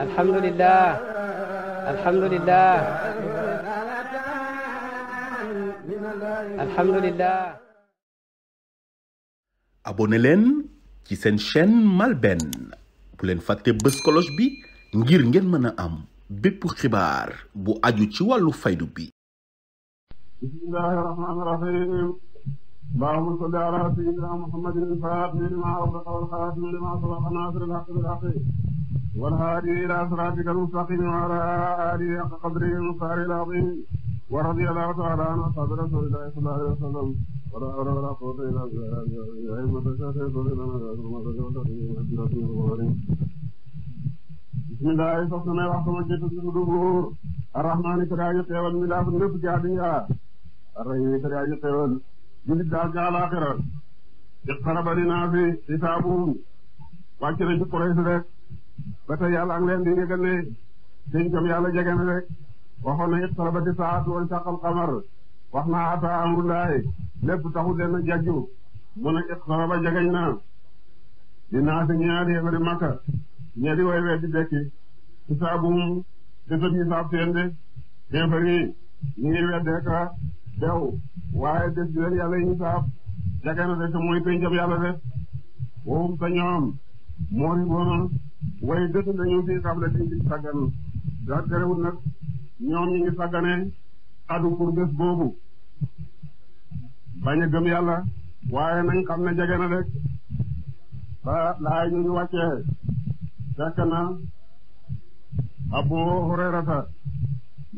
alhamdulilah alhamdulilah alhamdulilah. abonné leen ci seen chaîne MALBN bu leen fàtte bës cloche bi ngir ngeen mën a am bépp xibaar bu aju ci wàllu faydu bi. bismillaahi rahmaani rahiim. اللهم صل على سيدنا محمد الفاتح لما أغلق والخاتم لما سبق ناصر الحق بالحق والهادي إلى صراطك المستقيم وعلى آله حق قدره المختار العظيم ورضي الله تعالى عن أصحاب رسول الله صلى الله عليه وسلم ولا حول ولا قوة إلا بالله أئمة الشافعية ولنا بسم الله soxna waxtu ma jiitu ci sudu buur arrahmaani ko daa yu xeewal mi laa bu nëpp jaabi yaa arrahimi ko daa yu xeewal jullit daal ca alaaxira iqtaraba linnaasi xisaabuhum wàcc na ci Quraysh rek ba yàlla ak leen di yëgal ne dencam yàlla jege na rek waxoon na iqtarabati saa'atu wanshaqqal qamar wax na ataa amrullaahi lépp taxul leen a jàjju mu ne iqtaraba jegeñ na linnaasi ñaari yéefari Makka ñaari way weddi dekki xisaabuhum te sëb yi saab seen de yéefari ñu ngi dew waaye des di leen yàlla yi saab jage na de te mooy pencam yàlla de waxum sa ñoom moo ri boonoon way dëkk nañu fii xam ne ci sàggan da terewul nag ñoom ñi ngi sàgganee adu pour bés boobu bañ a gëm yàlla waaye nañ xam ne jege na rek ba laay ñu ngi wàccee fekk na Abu Hurayrata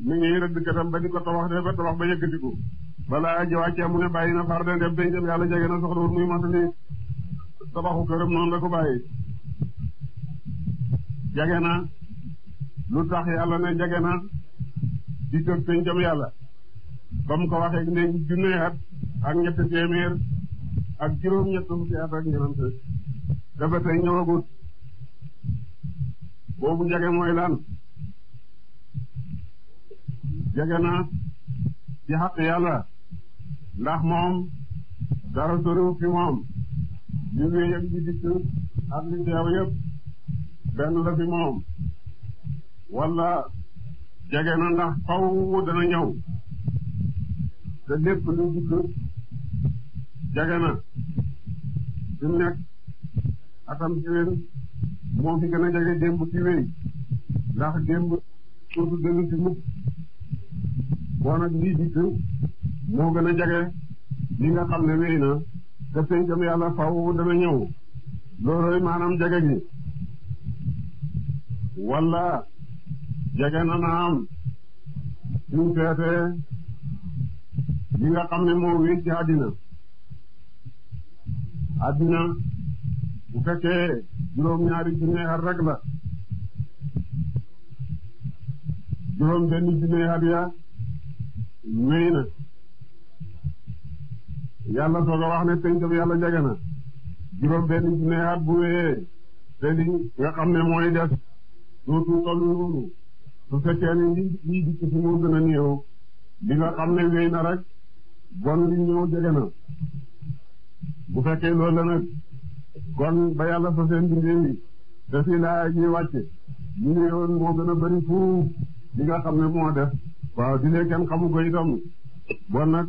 mu ngi rëdd katam ba di ko tabax de ba tabax ba yëkkatiku balaa jawàccee mu ne bàyyi na far de dem tey dem yàlla jege na ko bàyyi jage na lu tax yàlla ne jage na di kër pencam yàlla ba ko waxee ne junne at ak ñetti téeméer ak juróom-ñett fukki at ak ñenant dafa tey ñëwagut boobu jage mooy lan jege na ci xaq yàlla ndax moom dara soriwul fi moom ñu ngi yëg di dikk ak li teew yëpp benn la moom wala jege ndax faw dana ñëw te lépp lu dikk jege na fi nekk atam ci wén moo fi gën a jege démb ci wéy ndax démb surtout dëgg ci mukk boo nag lii dikk moo gën a jege li nga xam ne wéy na te pencam yàlla faw dana ñëw loolooy maanaam jege gi wala jege na suñ feetee li nga xam ne moo wéy ci àddina àddina bu fekkee juróom-ñaari junne rek la juróom benn junne ya nuyu na yàlla soog a wax ne pencam yàlla jege na juróom benn junni at bu wéyee te li nga xam ne mooy des tuuti toll noonu su fekkee ni lii lii dikk si moo gën a néew li nga xam ne wéy na rek bon li ñëw jege na bu fekkee loolu la nag kon ba yàlla sa seen bindee yi te si laa ñuy wàcce ñu ne woon moo gën a bari fuuf li nga xam ne moo def waaw di ne kenn xamu ko bon nag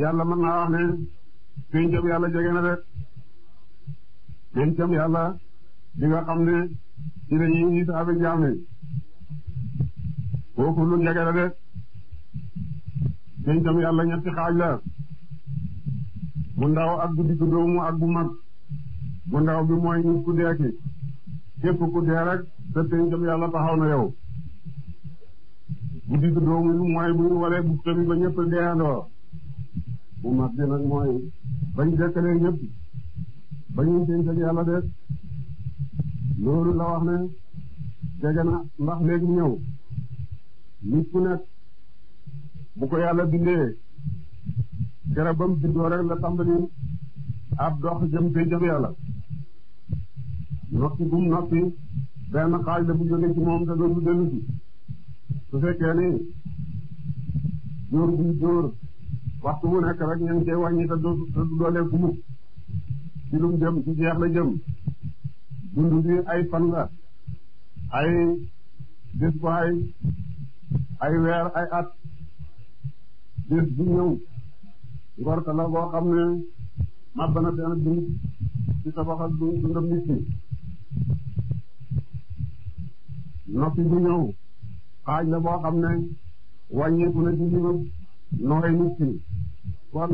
yàlla mën naa wax ne péncam yàlla jege na de péncam yàlla di nga xam ne ci la ñuy hisaabe jaam ni kooku lu njege de péncam yàlla ñetti xaaj la bu ndaw ak bu digg doomu ak bu mag bu ndaw bi mooy nit ku dee képp ku dee rek sa péncam yàlla taxaw na yow guddi gi doomu mooy bu ñu walee bu tënk ba ñëpp deeyandoo bu mag bi nag mooy bañ dëkkalee ñëpp bañu seen sa yàlla de loolu la wax ne jege na ndax léegi ñëw nit ku nekk bu ko yàlla bindee garab ba mu bindoo rek la tàmbali ab dox jëm fee jëm yàlla noppi gum noppi benn xaaj la bu jóge ci moom te dootu dellu si su fekkee ni jóor bu jóor waxtu mu nekk rek ña ngi cee te doo doolee ci lum jëm ci jeex la jëm dund bi ay fan la ay bis bu ay ay weer ay at bis bu ñëw ngorte la boo xam ne màbb na benn dund ci tabaxal dundam nit ñi noppi bu ñëw xaaj la bo xam ne wàññeeku na ci jiwu nooy nit ki kon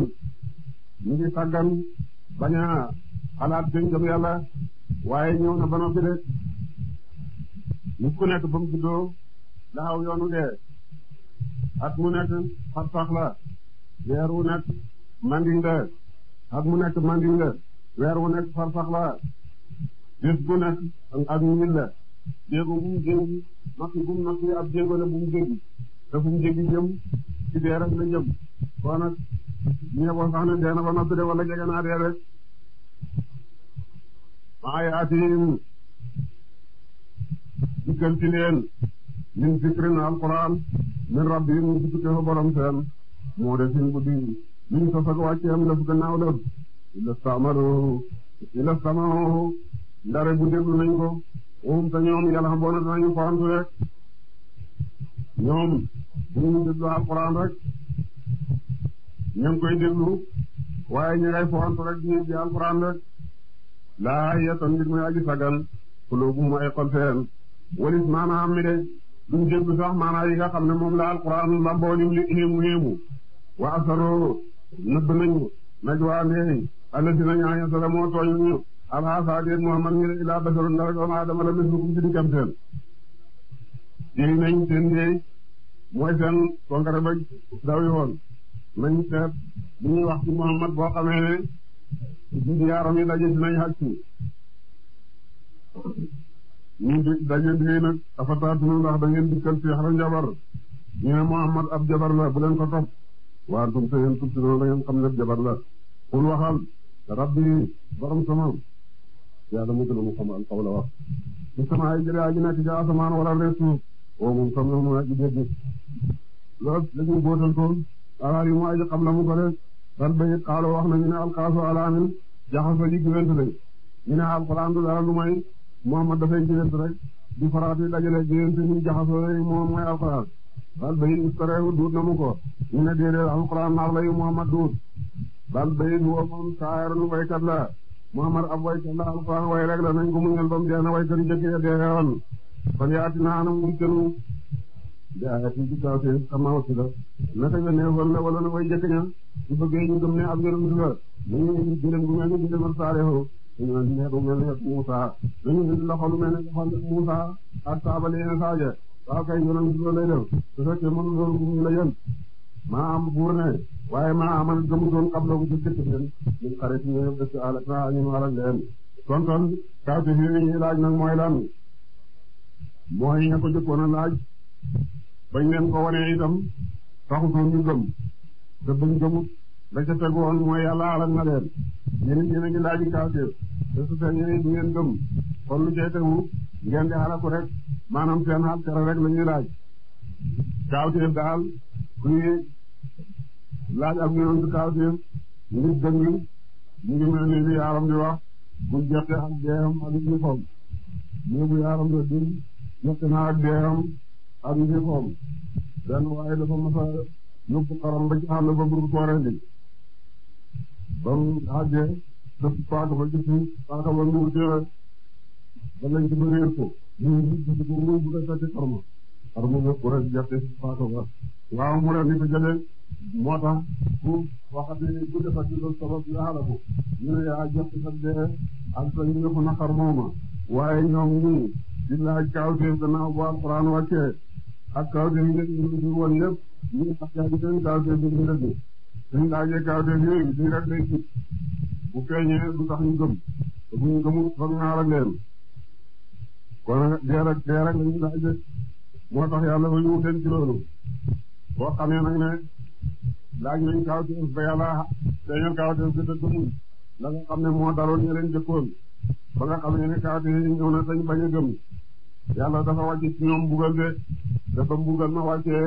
ñu ngi tàggan xalaat gëm yàlla waaye ñëw na ba noppi nekk ba mu juddoo daxaw yoonu at mu nekk fat la weer wu manding la at mu nekk manding la weer wu nekk la bés bu nekk ak ñil la déegu bu mu natt bu mu natt ab jéego la bu mu jéggi te fu jëm ci dee rek jëm kon nag ñu ne ko sax ne dee ba noppi jege naa dee rek maa yaatihim dikkal ci leen min zikrin alquran min rabbihim mu di tukkee fa borom seen moo sin bu di min sos ak wàcceem daf gannaaw def ila stamalo ila stamao ndare bu déglu nañ ko um te ñoom yàlla xam boona danañu farantu rek ñoom ñu déglu alxuraan rek ñu koy déglu waaye ñu ngay farantu rek ñu di alxuraan rek laa yettoon ngir muy aji sagal xulóobum ay xol seen walis maana am mi de duñ déglu sax maana yi nga xam ne moom la alxuraan lamboo lim li xéemu xéemu wa asaro nëbb nañu najwaa nee alladi na ñaaña sala moo tooñ ñu alxames ak yéen Muhammad ñu ne ilaa basarun ndax doomu aadama la mislukum ci dikkam seen. yéen nañ seen yéey mooy seen konkare ba daw woon nañ seet li ñuy wax Muhammad boo xamee ne jiitu yaaram yi daje dinañ xaj ci. ñu daje liggéey nag dafa taatunu ndax da ngeen dikkal fi xaram jabar ñu ne Muhammad ab jabar la bu leen ko topp waa tum te yéen si noonu da xam ne jabar la. xul waxal rabbi borom sama. yàlla mu gën a mu xamal xaw la wax ci sama ay jëlee aji nekk ci asamaan wala rek suuf woo moom comme ni ma aji dégg loolu dañuy bootal ko alaar mu aji xam la mu bal ba it xaaloo wax nañu ne alxaasu alaamin jaxasoo ji giwent lañ ñu ne du dara lu Muhammad dafay giwent rek di faraat yi dajale giwent ñu jaxasoo rek moom mooy alxuraan bal ba it duut na mu ko ñu ne déedéet naar layu Muhammad duut bal ba la Muhammad ab waykat la alxuraan way rek la nañ ko muñal ba mu dee na waykat yu njëkk ya dee woon kon yaa ati naa anam wuutenu ati ci kaw si sama la naka yónnee woon la wala na way njëkk ña bëggee ñu gëm ne ab yonent la nañu indi gëlëm bu mel ni gëlëm Saalihu dañu indi ne bu mel ni Muusa dañu indi loxo lu mel ni loxo Muusa ak saabal yeneen saaje waaw kay yonent la lay def su fekkee mënu loolu la yoon maa am buur ne waaye ma amal gëmutoon xam loogu ci dëkk bi leen ñun xarit ñu ñëw dëkk àlata ñun alal leen konton kaatu fi wi laaj nag mooy lan mooy ña ko jëkkoon a laaj bañ leen ko wanee itam taxutoon ñu gëm te buñ gëmut la ca tegu woon mooy yàlla alal na leen yéen it yéen a ngi laaji kaafir te su fekkee it ngeen gëm kon lu cay tegu ngeen di xalaku rek maanaam seen xal tere rek la laaj kaafir daal kuy laaj ak yonent kaafir ngir dëng mu ngi mel ni li yaaram di wax bu jote ak deexam ak njëfoom mu yaaram di di jote naa ak deexam ak njëfoom benn waaye dafa mas a yóbbu xaram ba ci àll ba bur ko rendi ba mu paaka ba ci paaka ba mu téere ba lañ ba réer ko ñu ngi ko mu bu ko fekk xarma xarma ba ku res jote paaka ba waaw mu rendi ko jëlee moo tax pour waxat nañu bu defar ci loolu sabab yu alaku ñu ne yaa jot sa dee ak sa njëkku naqar mooma waaye ñoom di laaj kawteef gannaaw bu alxuraan wàccee ak kawteef ngeen ñu ngi woon yëpp ñu ngi tax yaa di seen kawteef bi ñu dëgg dañ laajee kawteef yooyu ñu rek day gis bu feeñee du tax ñu gëm te bu ñu gëmul foog ñaar ak leen kon dee rek dee rek la ñu laajee moo tax yàlla ba ñu wuteen ci loolu boo xamee nag ne laaj nañ kaw ci ba yàlla dañoo kaw ci te gëmuñ la nga xam ne moo daloon ñu leen jëkkoon ba nga xam ne ne kaw ci a gëm yàlla dafa wàcc ci ñoom mbugal de dafa mbugal ma wàccee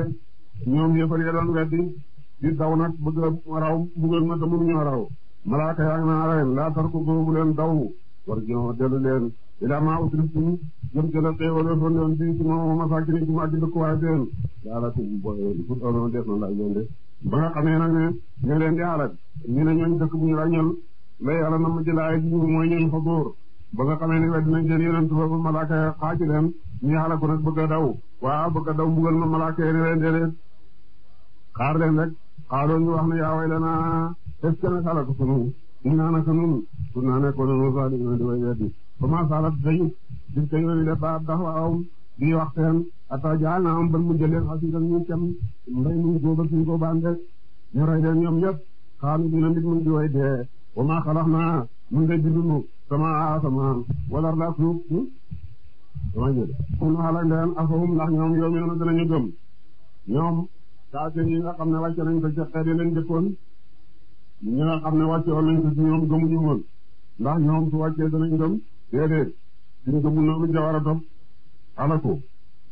ñoom yëfar ya doon weddi di daw nag bëgg raw mbugal ma te mënuñoo raw malaaka yaa ngi naa leen laa tar ko bu daw war ñoo dellu leen ilaa maa utriftum jëm ci la xéewale fa yoon bi su ma masakini ci ma aji dëkkuwaay teen daala ko bu boye fu doon def na laaj leen de ba nga xamee nag ne ñu leen di alak ñu na ñooñ dëkk bu ñu ràññal la yàlla na ma jëlaay ji mooy ñooñ fa góor ba nga xamee ne wedd nañ seen yonent ba ba malaaka xaaci leen ñu alaku nag bëgg a daw waaw bëgg a daw mbugal ma malaaka yi ne leen déedéet xaar leen rek xaaroo ñu wax ne yaa way lana est-ce que nag alak sunu ñu naan ak nun su naa nekkoon nonu sali di way weddi ba ma salat dañu gis kañ woni le ba dax waawum di wax seen ata jaal naa am ban mu jëlee xas itam ñu cam mbay mi góob ak suñ ko bànde ñu rey leen ñoom ñëpp xaalu dina nit mu di dee wa maa naa mun de bindunu hmm? sama sama wala la suuf dama jël kon xalaat leen afahum ndax ñoom yow meena danañu gëm ñoom kaafir yi nga xam ne wàcce nañ ko ci xeet yi leen jëkkoon ñi nga xam ne wàcce woon nañ ci ñoom gëmuñu woon ndax ñoom su wàccee danañ gëm déedéet suñ gëmu noonu jawar a top alaku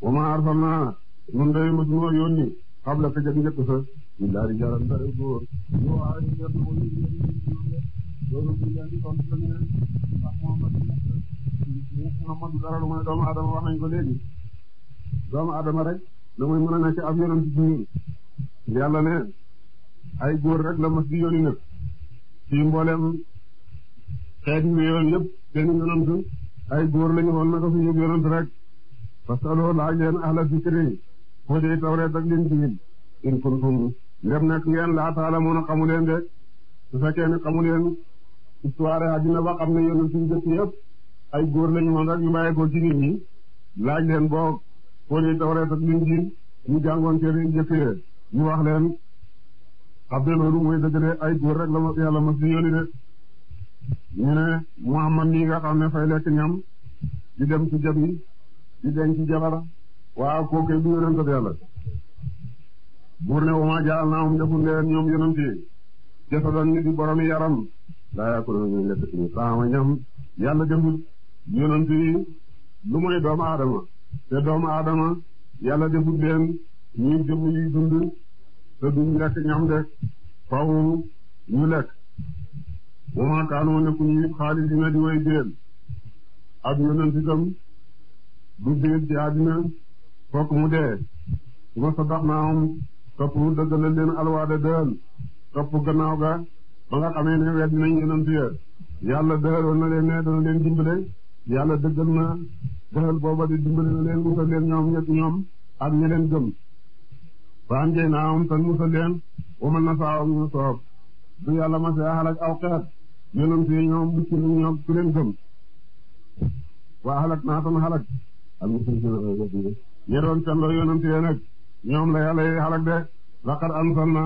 wa ma arsalna ñun day mosuñoo yónni xam la ka jag njëkk sa illaa rijaalan bare góor ñu waaye ñu ñett di tontu ne ndax Muhammad Muhammad dara lu mooy doomu adama wax nañ ko léegi mën a nekk ab yonent ci ñun yàlla ne ay góor rek la mas di yónni nag ci mboolem xeet ñu yoon yëpp seen yonent ay góor lañu woon naka fi yëpp yonent rek fasaloo laaj leen ahla zikri mu di tawreet ak linjiil in kuntum ndem nekk ngeen laa taalamuuna a leen de su fekkee ne xamu leen histoire àddina ba xam ne yonent yu jëkk yëpp ay góor lañu woon rek ñu bàyyee ko ci nit laaj leen boo ko di tawreet ak linjiil ñu jàngoon te leen jëkkee ñu wax leen xam ne loolu mooy dëgg de ay góor rek la ma yàlla ma si yónni de ñu ne Muhammad nii nga xam ne fay lekk ñam di dem ci jab di denc jabar waaw kooku du yonentab yàlla buur ne wama jaal naa um deful leen ñoom yonent yi ni di borom yaram laa yàqu na ñu lekk suñu taama ñam yàlla deful yonent yi lu mooy doomu aadama te doomu aadama yàlla deful leen ñuy jëm yuy dund te duñ lekk ñam de faw ñu lekk wama kaanoo nekku ñu xaalis dina di way jël ab yonent itam du dee ci fokk mu dee ma sa dax naa moom topp mu dëggalal leen ga ba nga xamee ne weddi nañ yonentu ya yàlla dëhël woon na leen ne dana leen dimbale yàlla dëggal na dëhël booba di dimbale leen musal leen ñoom ñett ñoom ak ñi leen gëm ba anjay naa tan musal leen wamal na saaw ñu soob du yàlla ma see xalaj aw xeet yonentu ya ñoom mucc nañ ñoom ku leen gëm waa xalaj naa tan xalaj ak ñu sëñ bi ña doon canloo yonent yi nag ñoom la yàlla yi xalak de laqad anzalna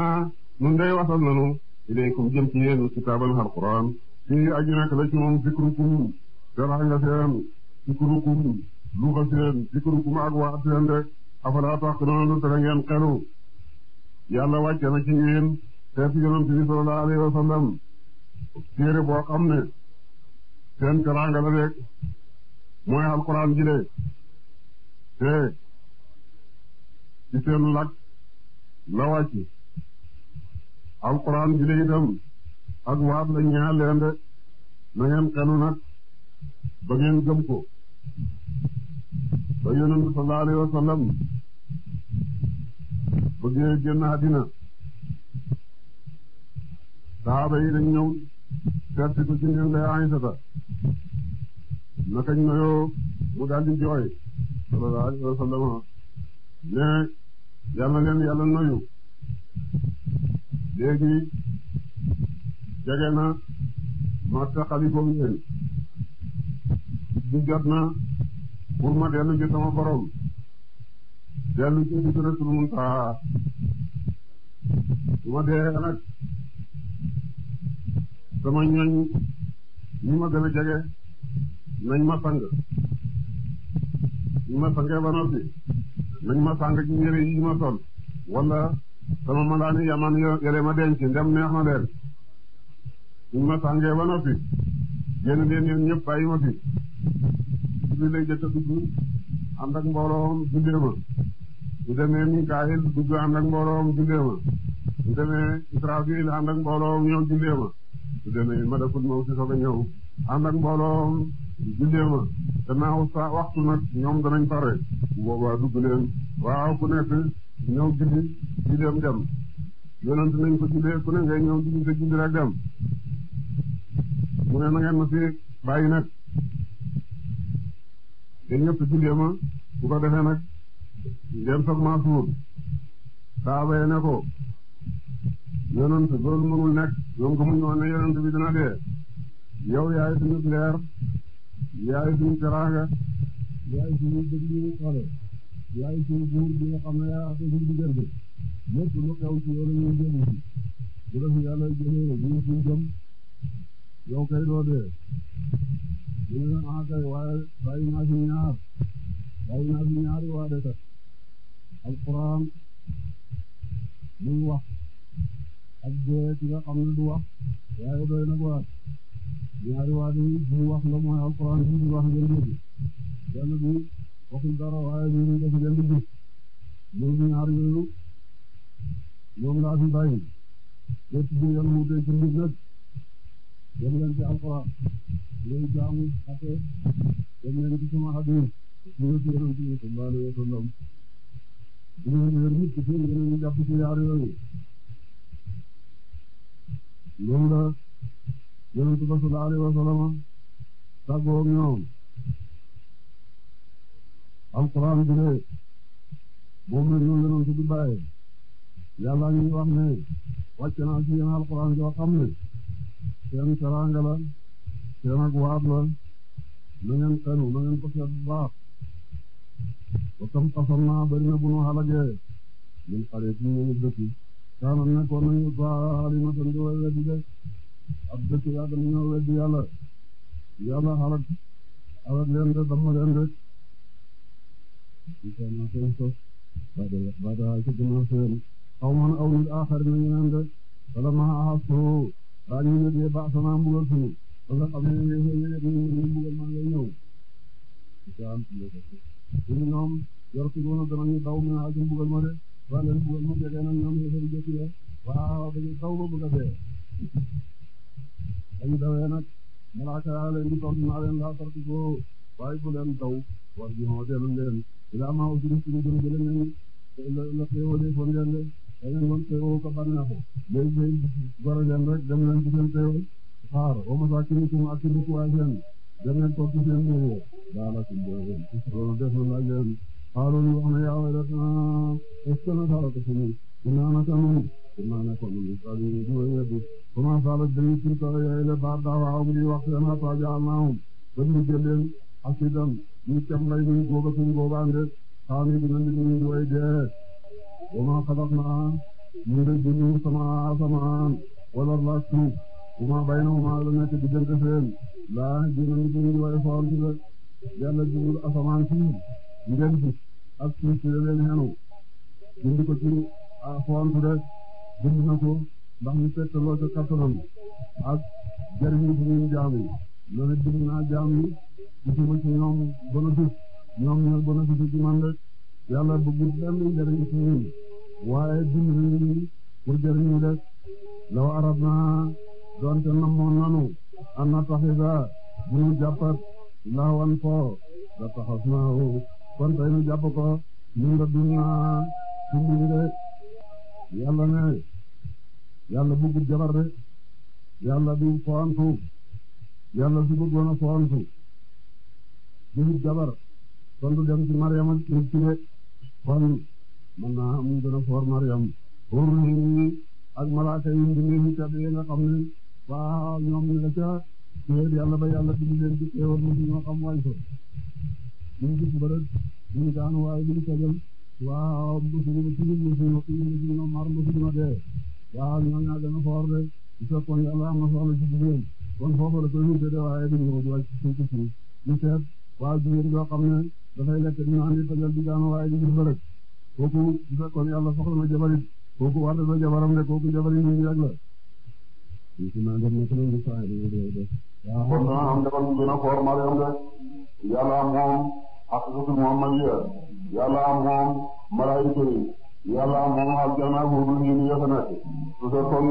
nun day wasal nanu ilaykum jëm ci yéen kitaaban alquran fii aju nekk la ci moom zikrukum dalax nga seen zikrukum luuxa seen zikrukum ak waat seen de afala taqiluna te ngeen xelu yàlla wàcce na ci yéen xeetu yonent bi sallallahu alayhi wa sallam téere boo xam ne seen teraanga la rek mooy alquran ji de te ci seen làkk la wàcc alquran ji la itam ak waat la ñaar leen de na ngeen nag ba ngeen gëm ko ba yonent bi sallallahu alayhi bëggee génn àddina saxaaba yi dañ ñëw seet ko ci nen lay Aysata nakañ nayoo mu daal jooy sallallahu alayhi wa sallam ne yàlla leen yàlla nuyu léegi jege na ma taxalikoog yéen di jot na pour ma dellu ci sama borom dellu ci Sidratul Muntaha ma dee nag sama ñooñ ñi ma gën jege nañ ma sang ñu ma sangee ba noppi nañ ma sàng ci yére yi ma sol wala sama mandaani yaman yére ma denc ndem neex na leen ñu ma sàngee ba noppi génn leen yéen ñëpp bàyyi ma fi julli lay jëkk a dugg ànd ak mbooloom jullee ma ñu demee Mikaayil dugg ànd ak mbooloom jullee ma ñu demee Israfil ànd ak mbooloom ñëw jullee ma ñu demee Malakul Mawt soog a ñëw ànd ak mbooloom jullee ma danaa sa waxtu nag ñoom danañ pare bu boobaa dugg leen waaw ku nekk ñëw julli julleem dem yonent nañ ko jullee ku ne ngay ñëw julli sa julli rek dem mu ne na ngeen ma fi bàyyi nag te ñëpp jullee ma bu ko defee nag dem sax maa suur saaba ya ne ko yonent loolu mënul nekk ñoom ko muñ woon bi dina dee yow yaay suñu leer yaay suñu teraanga yaay suñu dëgg yi ñu yaay suñu buur bi nga xam ne yaa ate suñu diggante lépp lu xew ci yow la ñuy jëm ci bu la fi yàlla jëlee ñu suñu jëm yow kay doo dee ñu ne ah kay waaye ñaar bàyyi naa fi ñaari waa de kat wax ak dee ci nga xam ne du wax na ko ñaari waat yi ñu wax la mooy alquran bi ñu wax ngeen dégg benn bi waxul dara waaye ñu ngi def ngeen di gis loolu ñaar yooyu moom laa fi bàyyi lépp bu ngeen wutee ci mbir nag dem leen ci alquran ngeen jaamu ate dem leen ci sama hadis ñu ngi ci yonent bi sallallahu alayhi wa sallam ñu ngi leen nit ci seen ngeen jàpp ci ñaar yooyu loolu la yonent ba sallallahu alayhi wa sallam tàggoog ñoom alquran bi moom la ñu yonent bi bàyyi yàlla ñu wax ne wàcc naa joo xam ne seen teraanga la seen ak waat la na ngeen xenu na ngeen ko seet bu baax ba tam xasoon naa bari na bu ñu xalagee min xale ci ñu dëkk ab dëkk yàgg nañoo weddi yàlla yàlla xarak xarak leen de damm leen de insha allah seen sos baada baada ci ginnaaw seen xaw man aw nit aaxar na ñeneen de wala ma axastu raa ñu yëgee baax sama mbugal suñu ba nga xam ne ñu mbugal maa ngay ñëw ñu ñoom yor si noonu danañu daw mi aji mbugal ma de waa leen mbugal ma jege na ñoom yëfari jëkk ya waa dañu daw ba bëgg a dee dañu dawee nag malaaka yaa leen di tontu naa leen laa sarti boo waaye bu leen daw war ji moo dellu leen ilaa maa usriftum suñu jëm jële la xéewoo de foon leen de da ngeen doon xéewoo ko bànneexu léegi day gore leen rek dem leen ci seen xéew xaar wa masaakinikum ak ci dëkkuwaay seen dem leen toog ci seen néew daalakum loolu def na leen xaaroon wax na yaa waylatanaa est-ce que na sarata suñu inaanaka nun إنه من إسرائيل ويدي وما صالت بريسين تغير إلى بعد دعوهم لي وقتنا فجعلناهم بني جلين حسيدا من كم ليهم قوبة قوبان رس خامي بن من ويديه وما خلقنا من الجنة سماء سماء ولا الله سوء وما بينهما لنا تجدن كفين لا جنة من ويفعل كذا yàlla jubul asamaan fii ngeen fi ak suuf si da leen xenu dindi ko ci fontu rek bind na ko ndax ñu fekk loo ca kattanam ak jëriñu fi ñun jaam yi loolu naa jaam yi gisuma ci ñoom bénéfice ñoom ñooy bénéfice ci man rek yàlla bëggul benn njëriñ ci ñun waaye bind nañu pour jëriñu rek law naa doonte namoon nanu an na taxisa bu ñu jàppat laawan foo da taxas naaw kon tey ñu jàpp ko ñu nga dund naa ci mbir yàlla ne yàlla bëggul jabar de yàlla du fowantu jabar kon du dem ci Mariam ak nit ki de kon mën naa am gën a foor Mariam xóorul ak malaaka yi mbindeefi tedd yi nga ñoom ñu la ca téer yàlla ba yàlla dindi leen ci xéewal mu waay ko ñuñ gis ba rek ñuñ daan waaye liñ sajal waaw mbusuñu suñu mbusuñu kii mbusuñu dee waaw ñooñu ñoo gën a foor de su fekkoon yàlla am na soxla ci jigéen kon foofu la koy wute de waaye du ñëw di wàcc ci suuf si ñu seet waaw jigéen joo xam ne dafay lekk ñu naan di tëjal di daanu waaye di gis rek kooku su fekkoon yàlla soxla na jabarit kooku war na jabaram de kooku jabarit ñu ngi rek la. waaw kon dana am defal ñu gën a foor Mariam de yàlla moom ak moom yàlla moom malaayika yi yàlla moom aljana boobu ñun ñoo fa nekk su fekkoon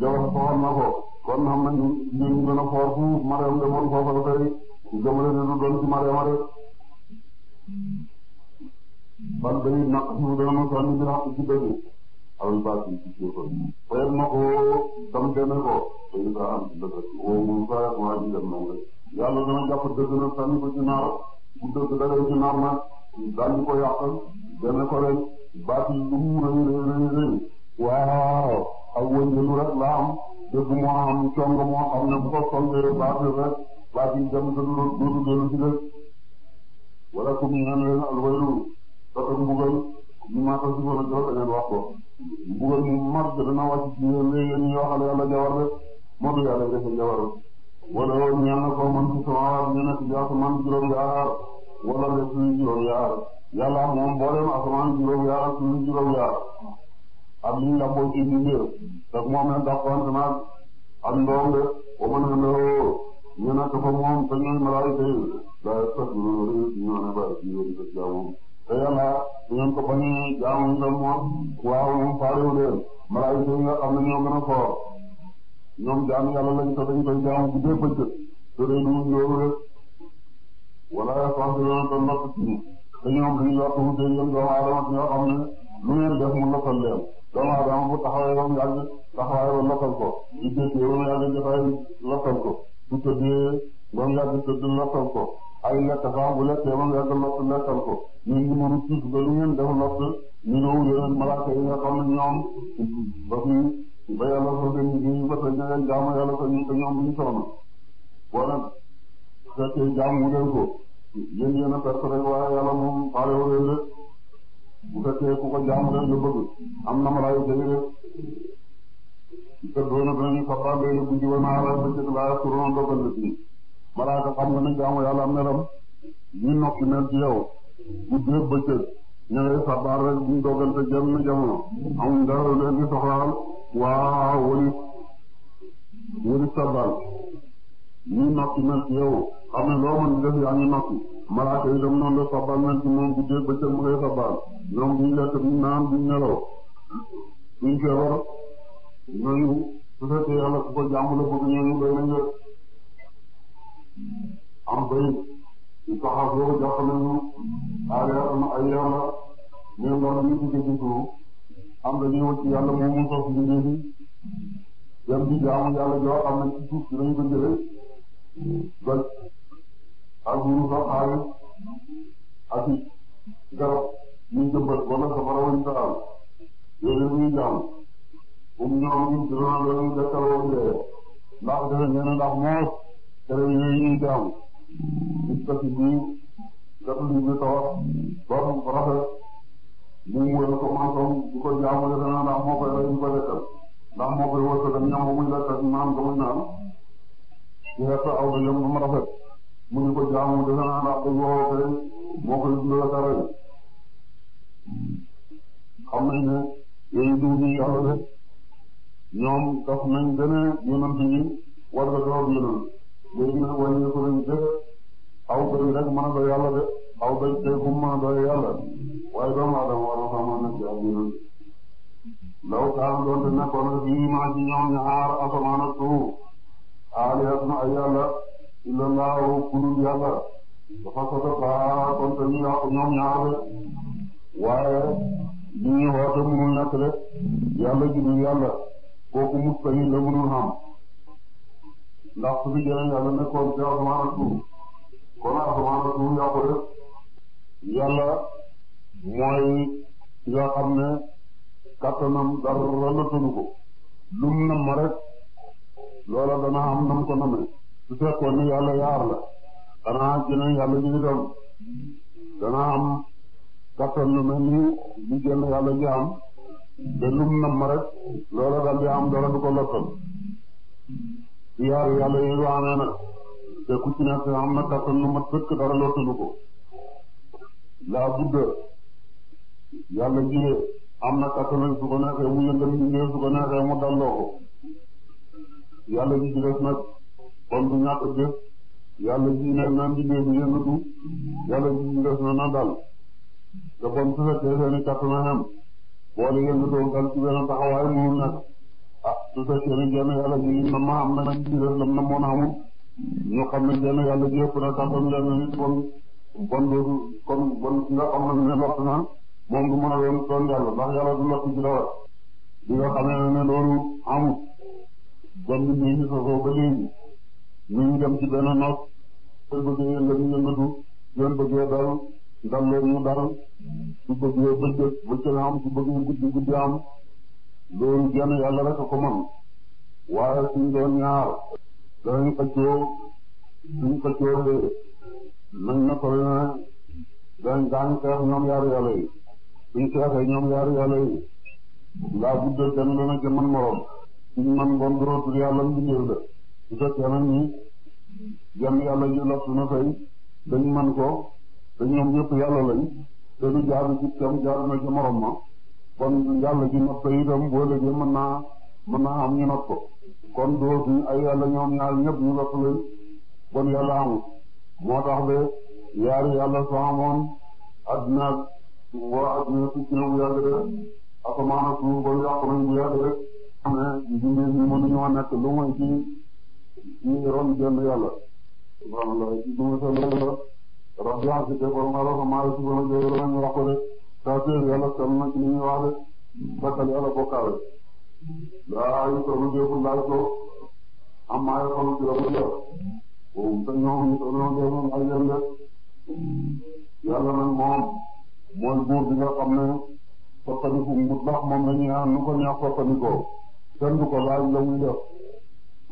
jabar foor na ko kon xam nañu ñun ñu gën a foor fu Mariam demoon foofa la tey jamono ji du doon ci Mariam rek. ban day naq ñu gën a mos a ñu gën a xam ci dëgg awi baat yi ci suufam. xëy na ko tam demee ko dañu ko am ci dëgg woo mu saa yàq waa ji dem na nga yàlla dana jàpp dëgg na sànni ko ci naar bu dëgg da ngay ci naar nag daal di ko yàq demee ko leen. baat yi lu mu rëy rëy rëy waaw ak wëndeelu rek la am dëgg moo am cong moo xam ne bu ko songee baat yi rek baat yi dem dëgg dootu ci def wala comme ñu naan leen alwaylu dafa mbugal ñu maa ko si woon jox leen wax ko mbugal mu mat dana wàcc ci yéen léegi yéen ñi waxal yàlla jawar rek moo du yàlla def jawar wala ñaan ko man ci sama ñu nekk ci asamaan juróom yaar wala def juróom yaar yàlla moom mboolem asamaan juróom-yaar ak suuf juróom-yaar ak liñ la boo ci mbir rek moom lañ dàqante nag ak ndongo ba mu ne ndoo moom te ñooy malaayika yi daal sax ñu ne rek ñu ne ba ñu ne ko jaamu te yàlla ngeen ko bañ a jaamu ñu wa waaw moom faalewu leen malaayika yi nga xam ne ñoo gën a foor ñoom jaamu yàlla lañ te dañ koy jaamu bu dee bëccëg te day dugg wala sax dinañ ko noppi te ñoom duñ yokk mu dégg yéen doomu aadama ñoo xam ne lu ngeen def mu lokkal bu taxawee ba mu yàgg taxawaay ba lokkal ko di déggee ba mu ko bu tëddee ba mu yàgg tëdd lokkal ko ay lekk sax bu lekkee ba mu yàgg lott lekkal ko ñun ñu mën a tuut ba lu ngeen def lott ñu ne wu leen malaaka yi nga xam ne ñoom ba fi ba yàlla soo leen liggéey ba tey jaamu yàlla ko ñun te ñoom duñ sonn boo nag fekkee jaamu leen ko. yéen yéen a waaye yàlla moom faale wu bu fekkee ku ko jaamu rek la am na malaayika yi rek te doon na danañu sabra mbéy mi bu ñu woon naa la bëccëg laa yàq turoon dogal la fii malaaka xam nga ne jaamu yàlla am na lam ñu mel ci yow guddi bëccëg ñu ngi rek bu dogal te jëm jamono amuñ dara leen di soxlaal waaw wëli wëli sabbaal. ñuy nokki nag ci yow xam ne loo mën di def yaa ngi nokki malaaka yi dem noonu la sabal nañ moom bu dee ba cër mu ngay sabal lekk duñ naan duñ nelaw duñ feebar ñooñu su fekkee yàlla ku ko jàmm la bëgg ñooñu doy nañ rek am bay ñu taxaw loolu jàpp nañu ay ay yàlla mais loolu ñu tuddee ci suuf am dañuy wëcc yàlla moomu sos mbir yi dem di jaamu yàlla joo xam ne ci suuf si lañ ko jëlee goj ak wurus ak xaalis ak garab ñu jëmbat wala safara wuñ taal yooyu muy jaam um ñoom juróom loolu dekkal woon dee ndax defe ngeen ne ndax moos tere yooyu ñuy jaam gis ka ci bii catholique bi tawat ba mu rafet mu wër ko mansom di ko jaamu defe na ndax moo koy rey di ko dekkal ndax moo koy wërsëgal ñam muy dekkal ci xeetu aw ba yem rafet mu ko jaamu defe naa ndax dañu woo moo koy dundal dara yi xam nañ ne yooyu yàlla de ñoom daf nañ gën a yonent yi war nga door léegi nag wàññi ko nañ def rek mën a doy yàlla de aw bëri tey fu yàlla waaye doomu aadama war na faa mën a nekk law kaan doonte nekkoon ak lii maa ci ñoom ñaar asamaan ak suuf alias na ay yàlla illallahu kulul yàlla dafa ko defaa kon te ñu yàqu ñoom ñaar de waaye li ñuy woote mënul nekk de yàlla judul yàlla kooku mustahil la mënul xam ndax su fi jëlee yàlla nekkoon ci asamaan ak suuf kon asamaan ak suuf yàqu de yàlla mooy ki nga xam ne kattanam dara la tënu ko lum nam ma rek loola dana am nam ko namee su fekkoon ne yàlla yaar la dana gën yàlla ñu ngi doon dana am kattan lu mel ni lu gën yàlla ji am te lum nam rek loola dal di am dara du ko lottal ci yàlla yi du amee ku ci nekk am na kattan lu mat dara lottalu ko laa budda yàlla ji am na kattan su ko mu yëngal ñu su ko mu dalloo ko yàlla ji ci des nag kon du ñàkk jëf yàlla ji nag naan ji dégg yëngatu yàlla ji ci des na dal te kon su fekkee seen i kàttan a xam boole yëngatoo dal ci benn taxawaay nag ah su fekkee ne jenn yàlla ji li na am na nag ci des lam na ñu xam ne jenn yàlla ji ëpp na kàttan lenn nit kon kon dootu kon kon nga xam ne ne lott na moom du mën a doon doon yàlla ndax yàlla du lott ci dara di nga xamee ne loolu amul jàng bii ñu sosoo ba léegi ñu dem ci benn noot su bëggee yëngatu yëngatu yéen bëggee dal dal leen dal su bëggee bëccëg bëccëg am su bëggee guddi guddi am loolu genn yàlla rek a ko mën waaye suñ doon ñaar danañ xëccoo suñ ko ne danañ daañ xeex ñoom yaaru yàlla yi suñ xeexee ñoom yaaru yàlla yi laa guddal kenn dana jëman morom ñu man bon duroo tur yàlla mbindeef la su fekkee nag ni jàmm yàlla ji lottu na fay dañ man ko te ñoom ñëpp yàlla lañ te du jaar ci tam jaar na ci morom ma kon yàlla ji nopp itam boo léegi mën naa mën naa am ñu nopp ko kon dootuñ ay yàlla ñoom ñaar ñëpp ñu lottu lañ bon yàlla amul moo tax de yaari yàlla soo amoon waa adduna si ci bu yàgg rek xam ne mbir mi mënuñu woon nekk lu mooy ci ñi ron jënd yàlla subhanallah ci duma sa loolu rabbi ansite borom ala ko maalo si borom jëy la ñu wax ko de saa teer yàlla sell na ci li ñuy ko am maayo xalu ci la ko jëf boobu sa ñoom ñu solu noonu jëf ay moom mooy buur bi nga xam ne soppaniku mutlaq moom la ñuy am nu ko neex soppanikoo kenn du laaj la muy def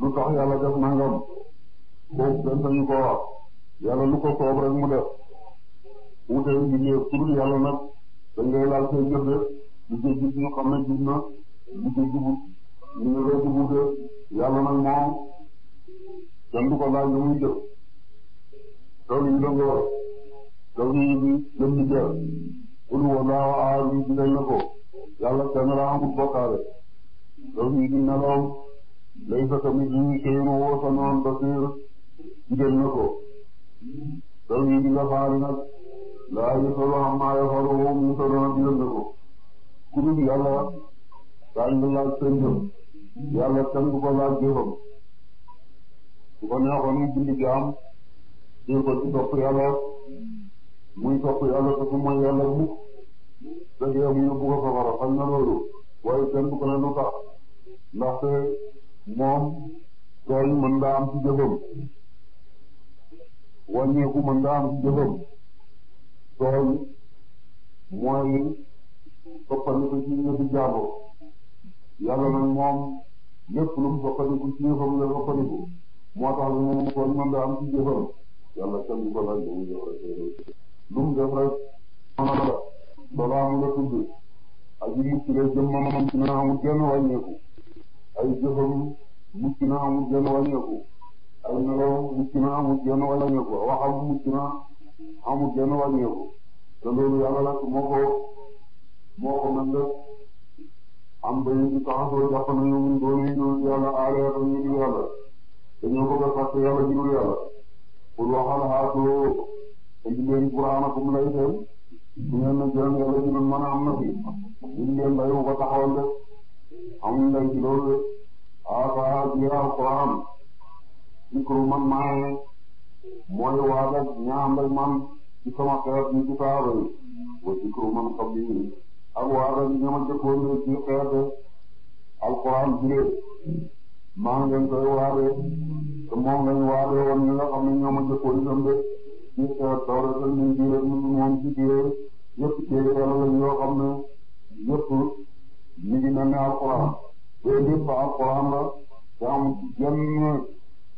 lu tax yàlla def nangam boobu kenn dañu ko wax yàlla lu ko soob rek mu def mu tey liggéey ku yàlla nag dañ ngay laal say jëf de liggéey jub ñu xam ne jub na liggéey jubut ñu ne jubut yàlla nag moom kenn du laaj la muy def tool yi la ngor tool yi bi lëm di jeex ko yàlla kenn la amut doo fi di nelaw lay fa tamit ji seenu woo sa noon basiir jël na ko doo fi di la faari nag laa yi solo xam maa ya mu sa doon jël na ku dul yàlla daañ la laaj seen yàlla kenn du ko laaj jëfam su ko neexoon mu bind jaam ko ci topp yàlla muy topp yàlla te ku mooy yàlla mukk dëgg yàlla mu ko safara xam na loolu waaye kenn du ko ne lu tax ndaxte moom tooñ mën nga am ci jëfam wàññeeku mën nga am ci jëfam tooñ mooy soppandiku ci ñëfi jàmbur yàlla nag moom lépp lu mu soppandiku ci ñëfam la soppandiku moo tax moom tooñ mën nga am ci jëfam yàlla kenn du ko laaj ba rek lu mu def rek moom la balaa mu ay jëfam mucc na amul genn wàññeeku ay meloom mucc na amul genn wàññeeku waxam mucc na amul genn wàññeeku te loolu yàlla nag moo ko moo ko mën def am ba ñu ci taxasoo jàpp nañu ñun doole yi ñu yàlla aaree ak ñu dul yàlla te ñoo bëgg a fàtte yàlla ji dul yàlla pour waxal xaatoo lay seen ñu ngeen na jël yàlla ji mën a am na fi ñu ngeen bàyyi ko taxawal def amuñu leen ci loolu abaab yi alquran zikru man maay mooy waag ak ñaam rek man ci sama xeet ñu ci saaba yi wa zikru man qabli yi ak waag ak ñama jëkkoon ne ci xeet alquran maa ngi leen koy waade te moom lañ waade woon ñi nga xam ne ñooma jëkkoon itam de ci xeet tawrat ak ñu jile ñu moom ci jile yëpp ci yàlla lañ yoo xam ne yëpp ñu ngi mel ne alxuraan yooyu lépp alxuraan la te amul benn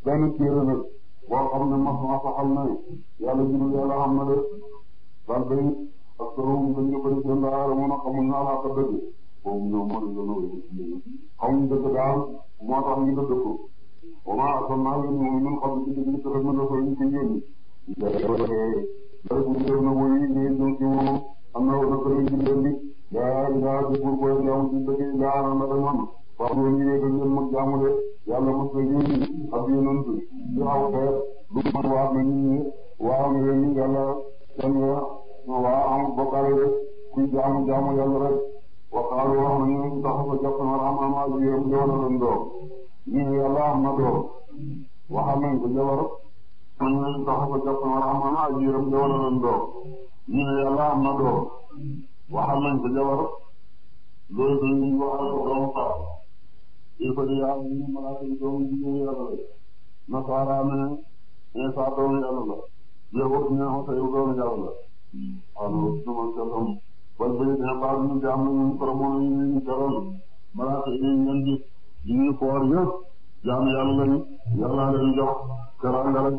benn téere nag boo xam ne mas na saxal na yàlla jublu yàlla xam na de sant yi ak soroom dañu bëri seen daara a xamuñ naa laa ko dëgg boobu ñoom moo leen doon wéy xamuñ dëgg daal moo tax ñu dëgg ko wa maa arsalnaa ñun xam ci dëgg li ko rek yaa yaa di buur booy jaamu ci dëgg yaa am na dañoon wax ñu ñu wéetal ngeen mag jaamu de yàlla mos la ñu ak yonent ci xaw xeet lu man waat na nit waaw ne leen ni yàlla kenn nga waa am kuy jaamu jaamu yàlla rek waxaalu wax na na am am ak yërëm doo na leen doo ñu yàlla am doo waxal nañ ko jabar na am am ak yërëm doo na leen doo ñu yàlla am doo waxal nañ ko jabar loolu dañ ñu waxal ko doomu far il faut que yàlla ñu mën a tëj doomu jigéen yàlla la nasaara ne Iisaa doomu yàlla la jabar ñu ne Useyr doomu yàlla la alors que man ca tam ban bëri dina baax ñu jaam ñu promono ñu ñu jaroon malaaka yi ñu leen di di ñu foor yëpp jaam yàlla lañ yàlla leen jox teranga rek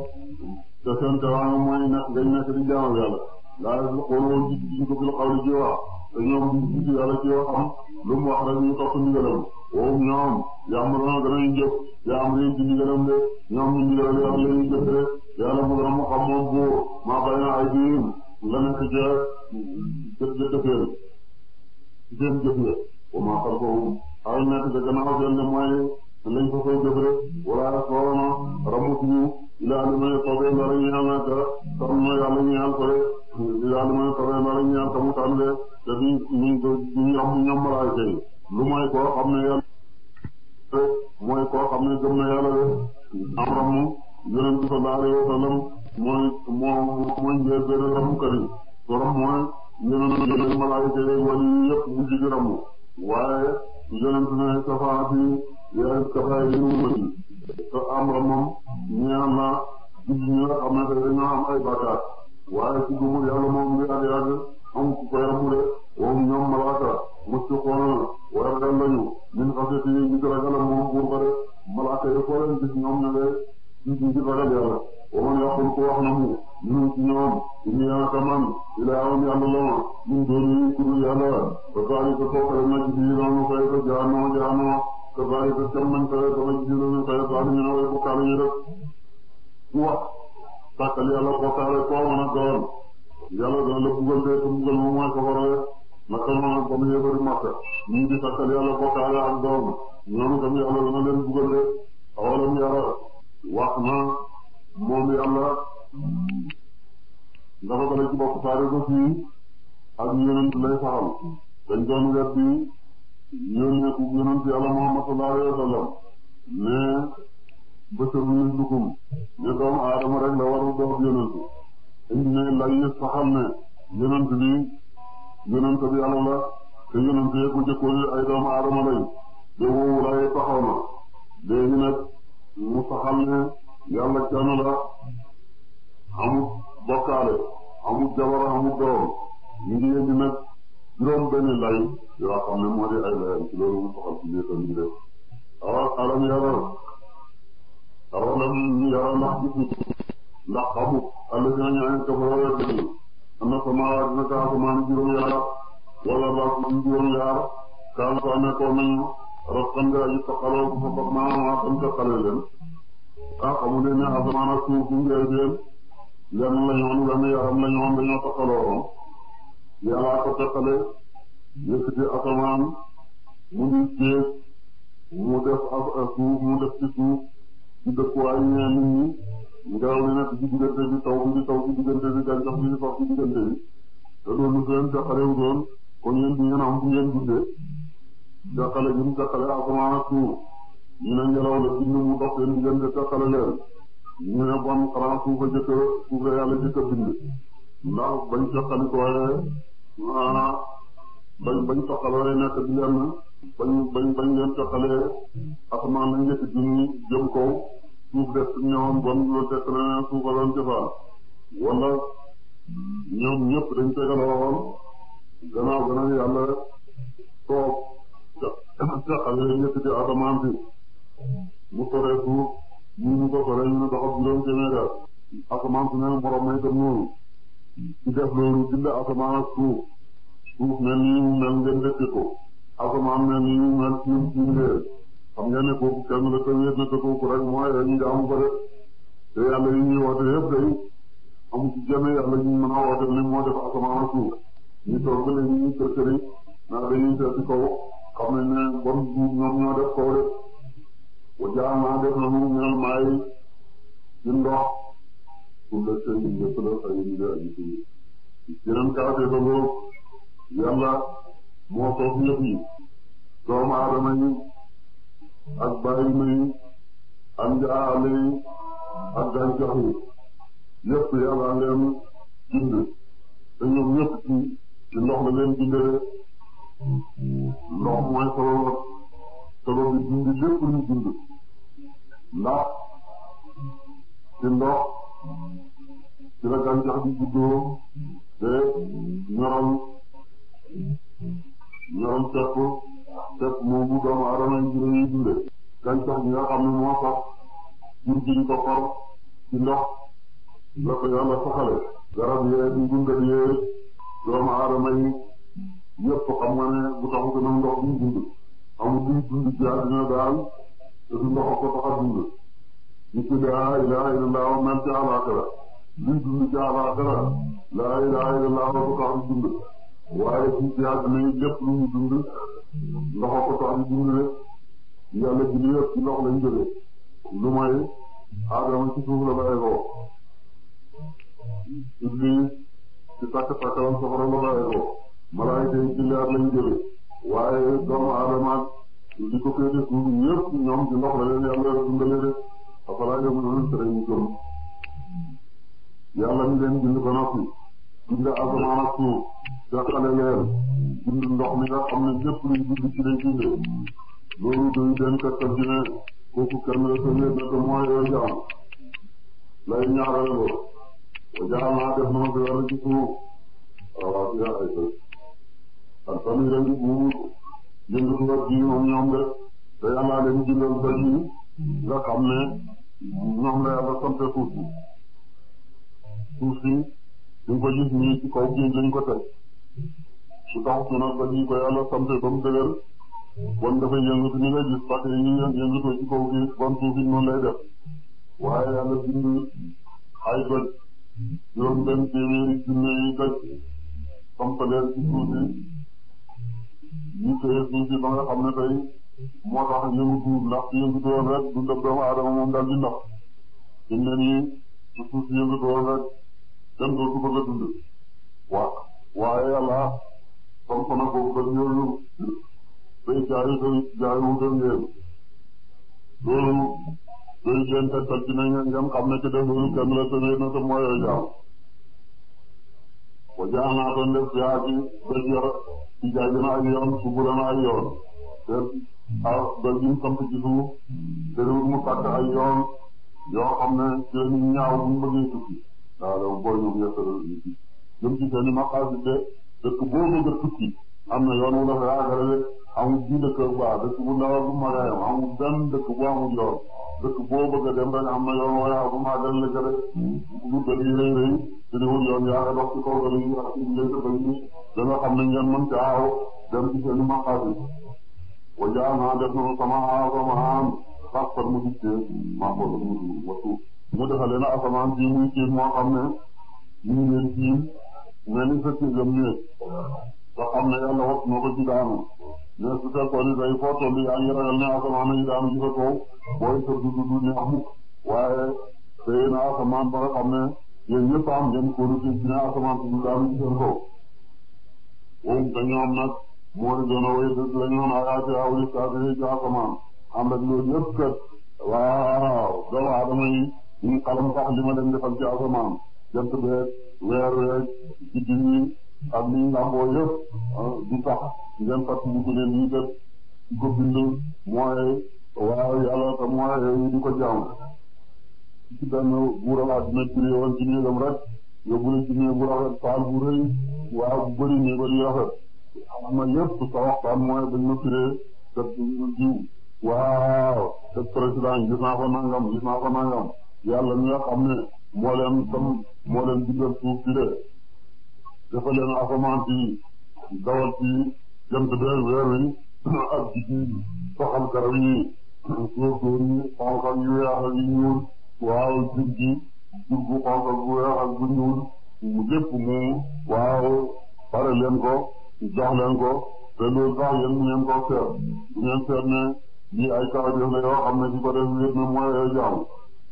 te seen teranga mooy nekk dañ nekk di jaamu yàlla laa yas la woon jiitu jiitu bi la xaw li ci wax te ñoom ñu jiitu yàlla ci a jëf yaa am réew ci ndigalam de ñoom ñu ndigal yàlla la ñuy jëf rek yàlla mu doon mu xam moom bu maa bay na ay biir la nekk ca jëf ja jëfee wa maa xam ko ay nekk ca gannaaw seen ne mooy lañ fa koy jëf rek wala soona ramut ñu ilaa lu may soobee mbala ñu xam ne que sax mooy yàlla ñu ñaan ko de ilaa lu may soobee mbala ñu ñaan ko mu tànn de te duñ duñ duñ am ñoom malaaka yi lu mooy koo xam ne yàlla mooy koo xam ne gëm na yàlla de am ramu yonent bi sallallahu alayhi wa sallam mooy moo mooy njël benn ramu kër yi so ram mooy yonent yonent malaaka yi wàll yi yëpp mu jigi ramu waaye yonent ne safaati yaa safaay yi te amra moom ñeel na ñi nga xam ne dañoo am ay bàkkaar waaye ku gëmul yàlla moom li yàgg yàgg am ku koy amule moom ñoom malaaka mustuqoona war a dal lañu min xasati ñu ragal moom buur ba de malaaka yi ko wax na mu ñun ci ñoom ñu yaa kaman ilaahum yàlla la ma ñun doon ku dul yàlla ba saali ko soo xale na ci biir noonu fay ko jaanoo jaanoo te bàyyi ko cam nañ ba ma jiw nañ ko ba ñu ne waaye bu kaale ñu def ku wax tàkkal yàlla ko kaale koo mën a doon yàlla dana la bugal de te bugal moom mooy safara nakal ma ba mu yëkkati makka ñu di tàkkal yàlla ko kaale ak doon ñoom itam yàlla dana leen bugal de awalam yàlla wax na moom yàlla dafa dale ci bopp saare ba fii ak yonent lay faral dañ doon wet yónnee ku yonent Yàlla Muhammad sallallahu alayhi wa sallam ne basharun mislukum ne doomu aadama rek la war a doon yonent indi ne lay saxal ne yonent bi yonent bi Yàlla la te yonent yee ku ay doomu aadama lañ de woowu lay taxaw na léegi nag mu saxal ne Yàlla kenn la amut bokkaale amut jabar amut doom ñu ngi yëngi juróom benn lay yoo xam ne moo di ay layam ci loolu mu soxal ci biir tamit rek awa alam yaroo awa lam yaroo ndax gis ndax xamu alladina ñaan ko fa wala dëgg ana sama dina kaa ko maam juróom yaar wala baa ko juróom yaar kaan ko amee ko nañu rafkan nga aji taxaloo ko fa fa maam waa tam taxale leen ah xamu ne ne asamaan ak suuf bu ngeen leen lenn la ñoon lenn yaram la ñoon dañoo taxaloo yàllaa ko teqale yëkkati asamaan mu ngi géej mu def ab suuf mu def ci suuf ci dëkkuwaay ñee nit ñi ngelaw li nekk ci diggante bi taw bi di taw ci diggante bi gàncax bi di sax ci diggante te doonu seen teqalew doon kon yéen bi ngeen am fu ngeen dundee teqale asamaan ak suuf ñu ne ngelaw la bind mu dox seen diggante teqale leen ñu ne bon xanaa suuf a jëkk suuf la yàlla jëkk a bind bañ teqali ko maanaam bañ bañ toqalee nekk bi leen bañ bañ bañ leen toqalee asamaan nañ njëkk junni jëm kaw suuf des ñoom bon loolu des na ne suufaloon cosaan wala ñoom ñëpp dañ tegaloo woon gannaaw gannaaw yàlla toog toqalee njëkk ci asamaan bi mu soree suuf ñu mu ko soree ñu ne doxal juróom téeméer asamaan su ne moroom may dem noonu ci def loolu bind asamaan suuf suuf mel nii mu mel ngeen dëkk ko asamaan mel nii mu mel suuf suuf leen xam ngeen ne kooku kenn la tëwéet na te kooku rek mooy rek nga am ko def te yàlla yi ñuy woote yëpp day amu ci jëme yàlla ñu mën a ni moo def asamaan suuf ñu toog léegi ñu kër kër yi naa dañuy seet ci kaw xam nañ ne bon duub ñoom ñoo def kaw def wa jaamaa def na mu mel maay ci ndox kullu shay'in yasluhu illa ahlihi yeneen kawate ba boobu yàlla moo soof ñëpp yi doomu ak bàyyima ak njaale ak gàncax yi yëpp yàlla leen bind te ñoom ci ci ndox la leen bindee ndox mooy sabab sabab bi bind ci ndox ci la gàncax gi juddoo te ñoram ñoram pepp pepp moom bu doomu aadama yi dina ñuy dundee. gàncax gi nga xam ne jur gi ñu ko ci ndox la ko yàlla saxale. garab yee njungat yee doomu aadama yi xam nga ne bu taxu gën a ndox ñu dund amul luy dund ci àddina daal te du ndox ko a dund. nit ki laa ilaaha illallah wa mel ci alaaxira liy dund ci alaaxira laa ilaaha illallah wa ko tax dund waaye ci ci àdduna yi lépp lu ñu dund loxo ko tax dund rek yàlla ji lépp ci loxo lañ jógee lu may aadama ci suuf la bàyyi ko iblis ci takk takkam safara la bàyyi ko malaayika yi ci leer lañ jógee waaye doomu aadama li ko féete suuf ñëpp ñoom ci loxo la leen yàlla dundalee rek afalaa yëngu-yëngu si lañu gëm yàlla mi leen bind ba noppi bind asamaan ak suuf jàqale leen bind ndox mi nga xam ne ñëpp luy dund ci lay dundee loolu day leen tegtal ci ne kooku kenn la sëñ yéen te mooy yooyu jaam lay ñaareel ba ba jaam naa def na ko yàlla ci suuf waaw ci yàlla ay ak tamit ren jii bu yëngatu ak ji moom ñoom de te yàlla leen bindal ba ji nga xam ne. ñoom la yàlla sompee suuf si suuf si duñ ko gis nii ci kaw géej lañ ko teg su tax si nag ba ñu ko yàlla sompee ba dafay yëngatu ñu nga gis parce que ci kaw gi bon suuf si lay def waaye yàlla bind ay doj juróom benn téeméeri junne yi doj samp leen ci suuf si ñu téye suuf moo tax yëngu tuur ndax yëngu tuur rek du def doomu aadama moom daal di ndax te su suuf si yëngu tuur rek kenn dootu ko bëgg a dund. waaw waaye yàlla fonk na ba ñëw day jaay day jaay wu gën ngeen loolu day seen tegtal ci ne ngeen xam ne ci def loolu kenn la na te mooy ay jaam wa jaanaatoon def yaa ci bëj yor ci jaay gën a ay Mm. waaw ba ñu samp ci suuf mm. te mu tàgg ay yoon yoo xam ne ci la ñu ñaaw bu ñu bëggee tukki waaw loolu booy ñoom yëkkëral jëm ci seen i maqaasi te dëkk bëgg a tukki am na yoon wu dafa yaakaar rek amul ji dëkk baa dëkk bu ndaw bu magaayam amul benn dëkk bu amul yoon dëkk boo bëgg a dem rek am na yoon waya bu màggal la ca rek mm. lu yi rëy rëy te di yoon yaa dox ci kaw ba léegi ak ci léegi ba léegi da nga xam ne ngeen mën caa aw dem ci seen i wajaal naa def na sama sama am xastan mu jub ceeb maa ko mu wattu ñu defalee na asamaan ci muy ceeb moo xam ne ñu ngi leen tiim mel ni sa ceegam ñëwee nga xam ne yàlla wat moo ko ci daanu mais su fekkoon ni day foo toll ne asamaan nañu daanu ci sa booy sa du du neex mukk waaye na asamaan ba nga ne yéen ñëpp am ngeen ko ruti asamaan du daanu ci seen kaw woon dañoo am nag moo di gën a wéy dëgg lañ noonu alaati awli saafiri ci asamaan ànd ak loolu yëpp kat li ma leen defal ci asamaan jant beeg weer weeg guddi yi ak li ñu làmboo du tax ngeen fàttaliku ne lii kat ko bind mooy waaw yàlla te mooy di ko jaam ci benn buuram àddina bi yowoon ci néegam rek yóbbu la ci néeg bu rafet faal bu rëy waaw bu bëri néeg ba ma yëpp sa waxtaan mooy dañ ma firee te jiw waaw te président gis naa ko nangam gis naa nangam yàlla mi nga xam ne moo leen tam moo leen bindal suuf si de dafa leen asamaan ci dawal ci jant bee weer wi ak ji ci soxal garab yi suuf yi xonq waaw jur gi waaw pare leen jox ko te loolu sax yéen bu ko seet bu ngeen seet ne lii ay tawajëf la yoo xam ne ci ko def yëpp ne mooy ay jaamu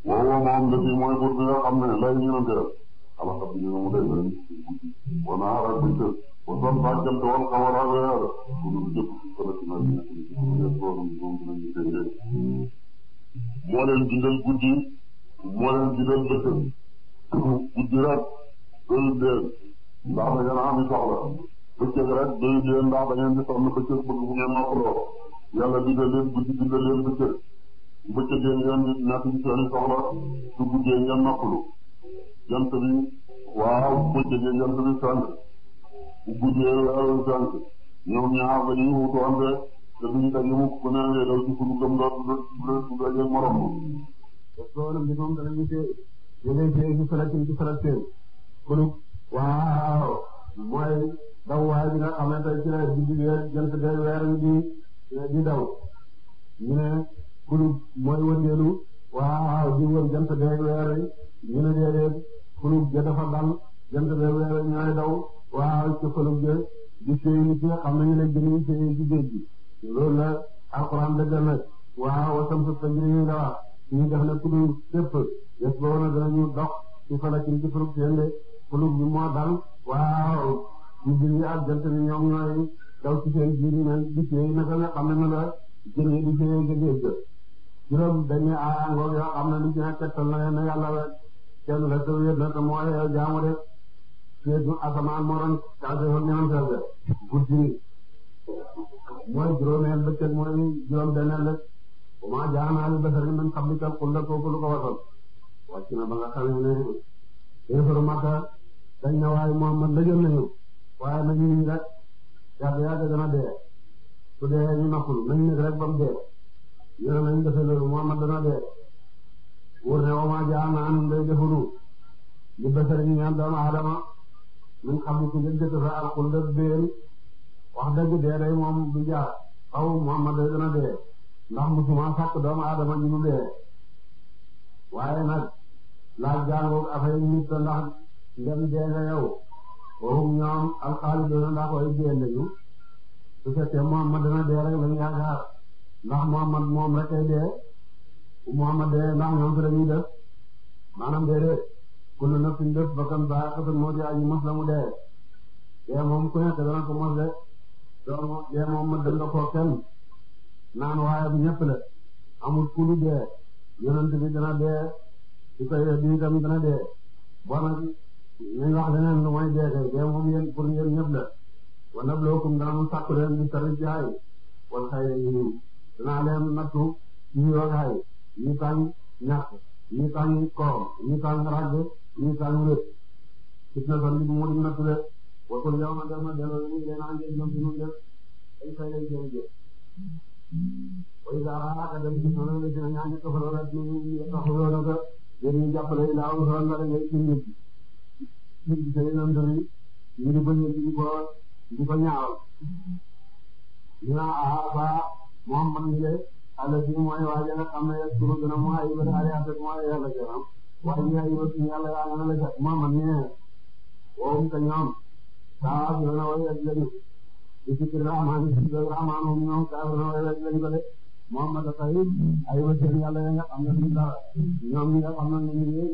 woowu moom la fi mooy pour bi xam ne lay ñu doon def alhamdulilah mu dégg leen wa naara ak bëccëg wa sam ba jant wal xamar ak weer bu dul guddi moo guddi rek gënu dee ndax da ngeen am soxla bëccëg rek day leen ndax da ngeen di sonn bëccëg bëgg bu ngeen noppaloo ko yàlla digal leen guddi digal leen bëccëg bëccëg yéen ngeen di nekk ci seen i soxla su guddee ngeen noppalu jant bi waaw bëccëgee jant bi sant bu guddee weeru sant ñoom ñaar dañuy wutoonte te duñu daje mukk ku ne ngay daw ci ku gëm doot du daje morom loolu bi moom danañu see danañu see ci salatin ci salatin kon waaw mooy daw waaye bi nga xamante ci la guddi weer jant day weer wi di di daw ñu ne kulub mooy wëndeelu waaw di jant day weer ñu ne daw waaw ci kulub ja di séy ci nga xam ne ñu ne gënuñ séy ci géej loolu la alxuraan dëggal nag waaw wasam sa tajri ñu la wax ñu def ne kulub képp yës ba woon a danañu dox ci falakin ci kulub seen de kulub bi moo dal waaw ñu jën yi ak jant bi ñoom ñooy daw ci seen biir men di fee naka nga xam ne ma la jën yi di fee ga géej ga juróom dañuy aangoog yoo xam ne li ci ne tegtal na leen ne yàlla rek kenn la te wéet na te moo yow jaamu de feetu asamaan moo doon kaase fa ñanam sel ga guddi mooy juróomeel bëccëg mooy juróom benneel rek maa jaanaale basarin min qablikal xul la kooku lu ko wasal wàcc na ba nga xam ne ne éefaru Makka dañ na waaye Muhammad la jël nañu waaye nañ ñu rek yàgg yàgg dana dee su dee ñu naxul nañ nekk rek ba mu dee ñu ne nañ defee loolu Muhammad dana dee wóor ne wama jaan naan day defaru li basari ñu ñaan doomu aadama min xam ku njëkk dafa alxul def béel wax dëgg dee day moom du jaar xaw Muhammad day dana dee ndax musuma sàkk doomu aadama ñu mu dee waaye nag laaj jaan boobu affaire yi nit ndax ngeen dee nga yow waxum ñoom alxaalidoona ndax way dee lañu su fekkee Muhammad dana dee rek lañu yaakaar ndax Muhammad moom rek ay dee bu Muhammad dee ndax ñoom su lañuy def maanaam dee de kullu nafsin def bakkan zaa'iqatul mawt aji mos la mu dee dee moom ku nekk dana ko mos de dee moom ma danga ko kenn naan waaye bu ñëpp la amul kulu dee yonent bi dana dee su koy dee dana dee bon ñuy wax leneen lu mooy deekee dee moom yéen pour yéen ñëpp la wa nablookum dana mu sàkku leen bi sari jaay wal xayri yiw danaa leen nattu yiw ak xay yi tàng ñax yi tàng koor yi tàng ràgg yi tàng tan bi mu di nattu le wakul yow ma def na delloo ñu leen ànd ak ñoom ñu def ay fay lay jërëjëf way daaraaka dem ci sono le ci ñaan ko fa la ñu ñu taxu yoonaka dañu jàppale ilaahu sallallahu ñu ngi gisee yeneen dër yi ñu ngi bañ a di ko di ko ñaawal ñu naan ah ba moom man de àll bi mooy waa jënd xam ne suuf bi nag mooy ay yële àll yàlla mooy yàlla jëlaat waaye ñu ngi ay yàlla yàlla na la jot moom man mii woo ko ñoom saa su la woyee ak lañu di ci kër amaan di ci kër amaan moom ñoom saa su la woyee ak lañu ba de moom ma dafa ay yële yàlla ya nga xam ne ñoom ñi nga xam ne ñu ngi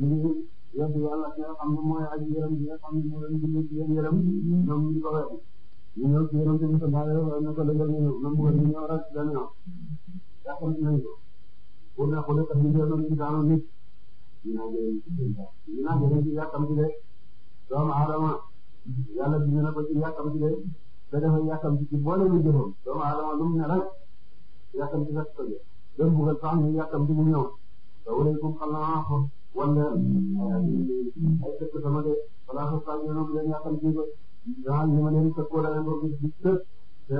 ñu ngi. yéen si yàlla ki nga xam ne mooy aji yërëm gi nga xam ne moo leen bind ci yéen yërëm ñoom ñu ko wér ñu ñëw ci yërëm tamit baale wala ne ko dëggal ñu ñëw même bu ñu ñëw rek dana ñëw yaakaar nañ ko pour ne xule kat ñu doon ci daanu nit ñu naa jëlee ci ñu naa jëlee ci yàkkam ci de doomu aadama yàlla bind na ko ci yàkkam ci de te dafa yàkkam ci ci boole lu jëfam doomu aadama lu mu ne rek yàkkam ci rek ko jëf dem bugal sax ñu yàkkam ci mu ñëw te wala kum xalaat wala ay tëkk sama de balaa ko saa ñëwoon nga ñàkkal ji ko daal ñu ma leen tëkkoo da ngeen ko gis gis tëkk te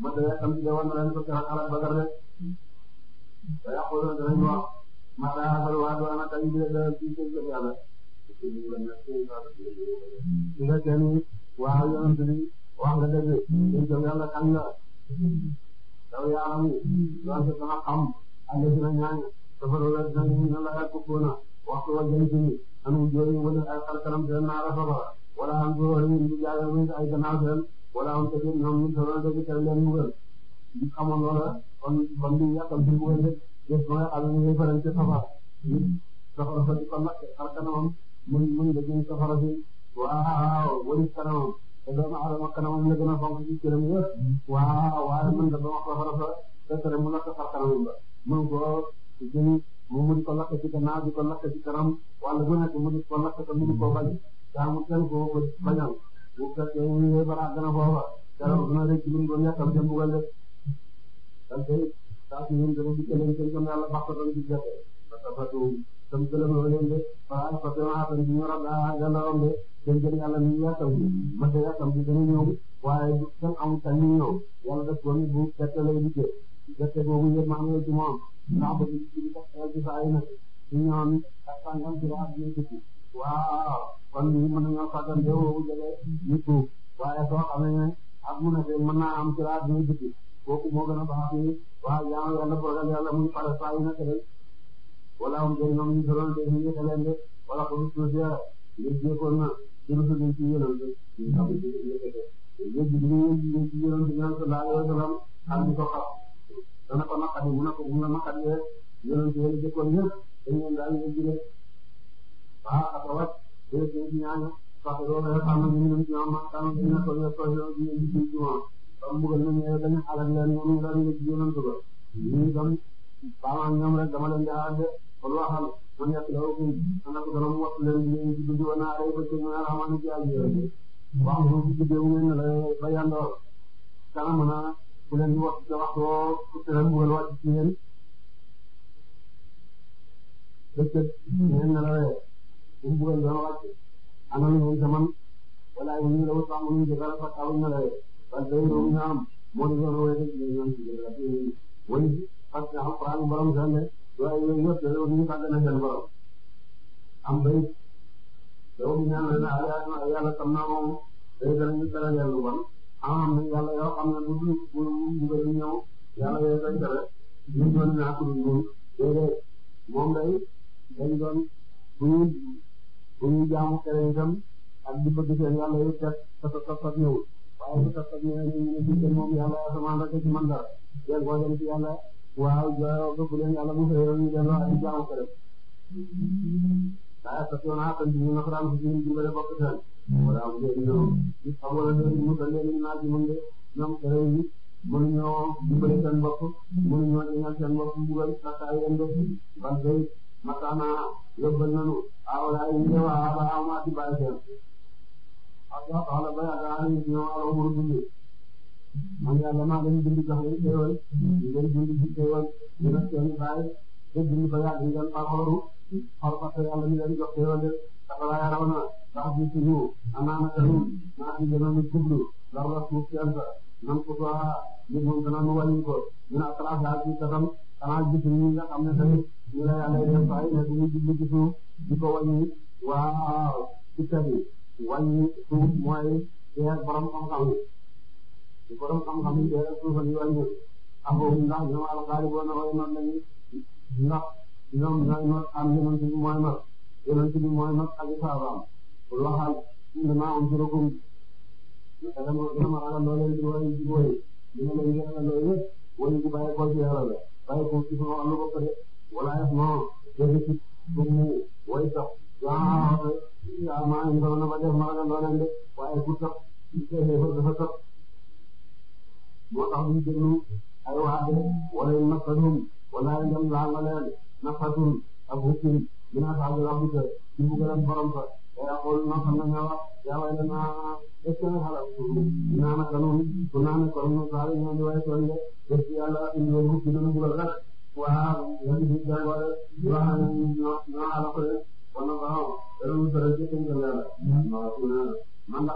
man de am ci jawan ma leen ko joxal alal bagar de te yàqu la danañ wax maanaam xamal waa doon ak ay mbir la ci seen jëm yàlla. su fekkee ni waa yonent bi wax nga dëgg seen jëm yàlla kañ la taw yaa am doon sa sama xam ànd si na ñaan dafa doon la dinañ la yàgg ko na. waxtu wala jëm ci anu jooy wala ay xarkanam seen naara safara wala am soo wala ñu jaay wala ay gannaaw seen wala am te ñoom ñu soo doon dégg leen mu gën ñu xamoon loola kon kon ñu yàqal ci mu gën rek des ba nga xam ne ñu faral ci safara safara fa di kon nag xarkanamam mun mun wala kanamam te doomu la gën a mu mën ko lakk ci gannaaw di ko lakk ci kanam wala bu nekk mën ko lakk te mën koo bañ daa mu teel koo ko bañal bu fekkee mu ngi bara gën a foofa keroog dina rëcc mën ko ñàkkal dem bu wàll. parce que saa si ñun dana dikkee leen seen jëm yàlla baax ko doon di jafe parce que Fatou tam gëlëm yoo leen de waaye parce que maa xam ne ñu rab daa gàllaroon de seen jëm yàlla ñu yàkkal bi parce que yàkkal bi dana ñëw waaye kenn amul sañ ñu ñëw yàlla def ko ni bu fekkee lay dikkee gerte boobu yëpp maa ngi ci moom ndax ba gis ñu kat xeetu saa yi nag ñoom ak sàngam ci waxat ñuy tukki waaw kon mën nañoo fàttali ba woowu jëlee ñu tuub waaye soo xamee ne ak mu nekk mën naa am ci laaj ñuy tukki kooku moo gën a baax fii waaw jaamu yàlla boragal yàlla muy pare saa yi nag rek wala am jëriñ moom ñu doon dégg ñu xelal de wala ko suuf yaa ngir jéegoon na ci lu tudd ci yéloon de. ñu xam ne ci yéloon de. yéegi bi ñu yéegi yéegi yéloon di ñaan sallallahu alayhi wa sallam ak ñu ko xam. dana ko naqari mu ne ko mu ne naqaree yonent yi jëkkoon yëpp dañu leen daal di jëlee ah ak a wàcc yéen ñëpp ñaañu parce que loolu rek am na ñu ne ñoom ak am na ñu ne ko yéen ko yéen ñu ngi ci moom. kon bëgg nañu ne dañu xalaat leen ñoom ñu daal di leen yonent ba ñu itam baamaa ñoom rek dama leen di arrangé kon waxal man yàq la ko man nag dana mu wax leen ñu ci dund wala ay bëccëg ñu naan amoon na ci ay yéen wax nga ko ci déglu ngeen ne la ba yàndoo kanam naa. ku leen di wax waxtoo ku tëral mu wàcc ci yéen bëccëg ngeen nelawee mu mbugal doon wàcc anam ngeen ca man wala ñu ñu la sax mënuñ jëgal sax amuñ nelawee parce que loolu ñu am moo di doon wéy rek ñu ñu ci jëgal wéy parce que alquran borom sande waaye yooyu yëpp dañoo ñu fàgg na seen borom am bay loolu ñaan na yàlla tam na moom day gën a ñu dara yàlla lu bon am na yàlla yoo xam ne bu bu bu bu ñëw yàlla yooyu koy tere ñu doon naa ko dund déedéet moom day dañ doon bu ñu bu ñu jaamu keneen itam ak di bëgg seen yàlla yëpp def tasa tasa ñëwul waaye bu tasa ñëwee ñu ne ci seen moom yàlla asamaan rek ci man dara dégg nga dem ci yàlla waaw jooyoo ko bu leen yàlla bu xëyee ñu dem ak di jaamu keneen waaye tasa yoo naa xam ne ñu ne ko daan ko ci ñu dimbale bokk seen wala am déet ñoom xamoo na léegi mu toll léegi naaj bi mu ngi ñoom xëy na mënuñoo dimbali seen bopp mënuñoo ñaan seen bopp mbugal saxaay leen def ban tey mataana yóbbal nañu awlaay yi ñëw aaba amaati bàyyi seen ak wax la ba yaakaar ni ñoo wala umur dund man yàlla maa leen dund jox leen xéewal ñu leen dund ci xéewal ñu def seen bàyyi te dund ba yàgg ngeen parxoru xor parce que yàlla ñu leen jox xéewal de taxawaay raw na sax bi suñu anaana xarum naa ci gënoon a jublu dara suuf si ànd nan ko doxaa ñu mun gënoon a wàññi ko dina traçé ak ñu kasam xanaa gis ñi nga xam ne tamit ñu la yàlla def ay ne jublu ci suuf di ko wàññi waaw ci kër yi mooy teer borom xam-xam yi su borom xam-xam yi teer suufal yi wàññi amoon ndax ñoom alxaari boo na way noonu lañu ndax ñoom ñooy noor am yonent bi mooy waxal innamaa unzirukum naka dama dama ragal loo leen di woy di woy li ma leen di ragal loo yëpp woy di bàyyi ko ci yàlla la bàyyi ko ci sama wàllu bopp de wala yëpp moo dégg ci bu mu woy sax yaa yaa maa ngi doon na ba def ma ragal loo leen de waaye ku sax li koy defar dafa sax moo tax ñu déglu ay waa de wala yu nafatum wala yu dem laal la leen nafatum ak hukum dina saa bi rabbi ci mbugalam borom sax ويقول ما صنعنا يا ويلنا اسمع هذا نعم قانون كنا نقول ظالم من ويقول بس يا لا انه كنا نقول لك وها يعني جاء وها ما على كل وانا قاوم لو درجت كنا ما كنا من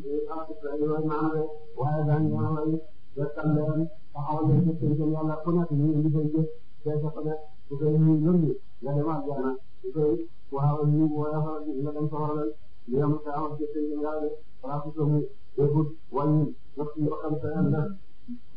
دخل في اخر نعم وهذا نعم يتكلم فحاول يتكلم يلا كنا في اللي بيجي كيف قد وكان يقول لي يا جماعه انا waaw ñu woyofal la dem soxla li am sa am ci seen ngaale rafu ko mu defut wàññi ndax ñu xam sa yàlla ndax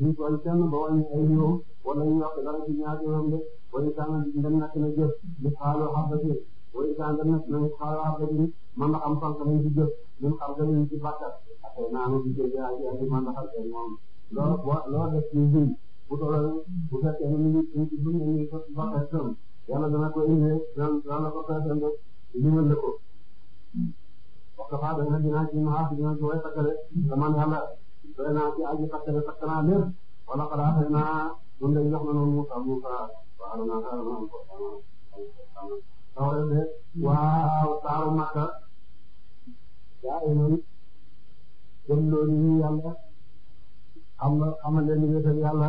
ñu koy kenn ba wàññi ay juróom wala ñu wax dara ci ñaari yoon de wala itam dem nak na jëf li xaaloo xabati wala itam dem nak na xaaloo xabati man la xam fan lañ ci jëf ñun xam nga ñu ci bàkkat ak ay naanu di jëf yaa ci andi man la xam seen moom loolu boo loolu def ci bu toll bu fekkee ñu ñu ci ñu ñu ko bàkkat yàlla dana ko indee dana dana ko feesal de limal la ko wax nga faa ah, dana dinaa ci maas dina ci way takkale te man yàlla doy naa ci aji takkale takk naa lépp wala xalaat xëy naa ñun dañuy jox na noonu Moussa Moussa waaw naa xaaral naa ko xaw a de waaw saaru Makka yaa amoon jëm loo ñu yàlla am na amal leen wéetal yàlla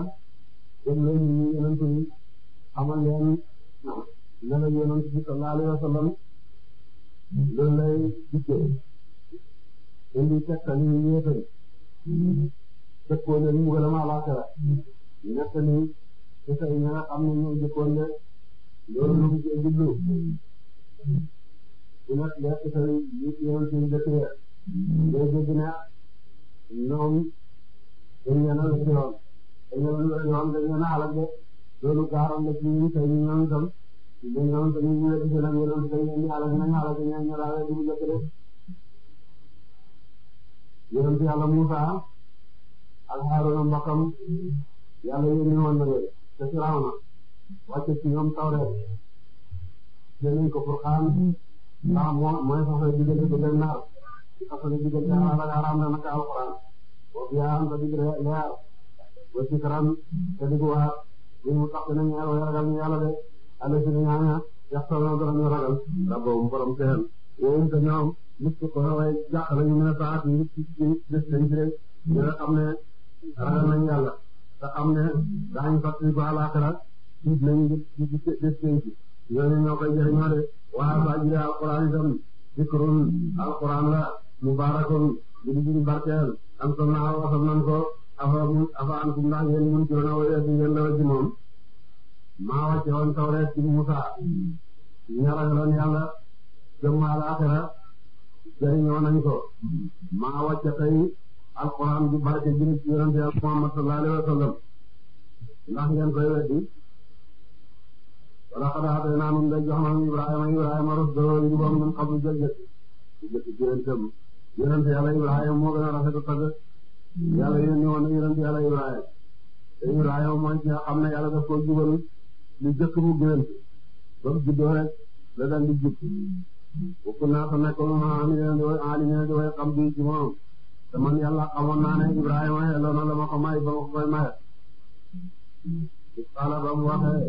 jëm loo ñu yonent yi amal leen ne la yonent bi sallallahu alayhi wa sallam loolu lay dikkee indi tegtal yi yéefar dëkkoo ne mu gën a ma laakara nekk ni ci say ña nga xam ne ñoo jëkkoon ne loolu lu mu cee jublu di nag leer ci say yonent yi dëkk ya ngay dégg ne ñoom dañ leen a lu ci yoon dañ leen a lu ci yoon dañ leen a xalak de loolu gaaroon na ci ñun tey ñu ñaan itam dañu ñaan itam ñu ñëwee ci lan yéen a tey ñu xaaral ñu nañu xaaral ñu ñaan ñu laawee lu mu jot rek yéen ci yàlla Musa ak Haaruna mbokkam yàlla yónni woon na leen te Firawna wàcce ci ñoom tawreet jëlee ko Furqaan ndax moo mooy fasale diggante bu dem naar fasale diggante xalaat ak xaraam na naka alxuraan wa biyaan te dig leer wa sikran te dig waat mu tax dina ñu ragal ñu yàlla de àll ci ñu ñaan yàq na dara ñu ragal rabbu borom seen woon te ñoom nit ko way jàq la ñu mën a faat nit ci des dañ ci rek ñu nga xam ne ragal nañ yàlla te xam ne daañu fàttali ba àllaaxira nit nañu ci des dañ ci ñooñu ñoo koy jëriñoo de waa ba jëlee alquran itam dikrun alquran la mubarakun li di barkeel am sama wasal nan ko afaanakum afaanakum ndax ngeen mun ci wana wéyal ngeen la ci moom maa wàcce woon tawreet ci Musaa ñu ragaloon yàlla jëm alaaxira jëriñoo nañ ko maa wàcce tey alquran bi barke jëriñ ci yonente yàlla Muhammad sallallahu alayhi wa sallam ndax ngeen koy weddi wala xadaa tey naa nun day jox nañu Ibrahima Ibrahima rusdoo yi boom min qablu jëjët jëjët yonente yàlla Ibrahima moo gën a rafet yàlla yónni woon na yonent yàlla Ibrahima te Ibrahima mooy ki nga xam ne yàlla daf ko jubal lu jëkk mu gën ba mu juddoo la daan di jub bokk naa ko ma amee yéen di way aali yéen di way xam bi ci moom te man yàlla xamoon naa ne Ibrahima yelloo na la ma ko may ba ma ko koy maye. ba mu waxee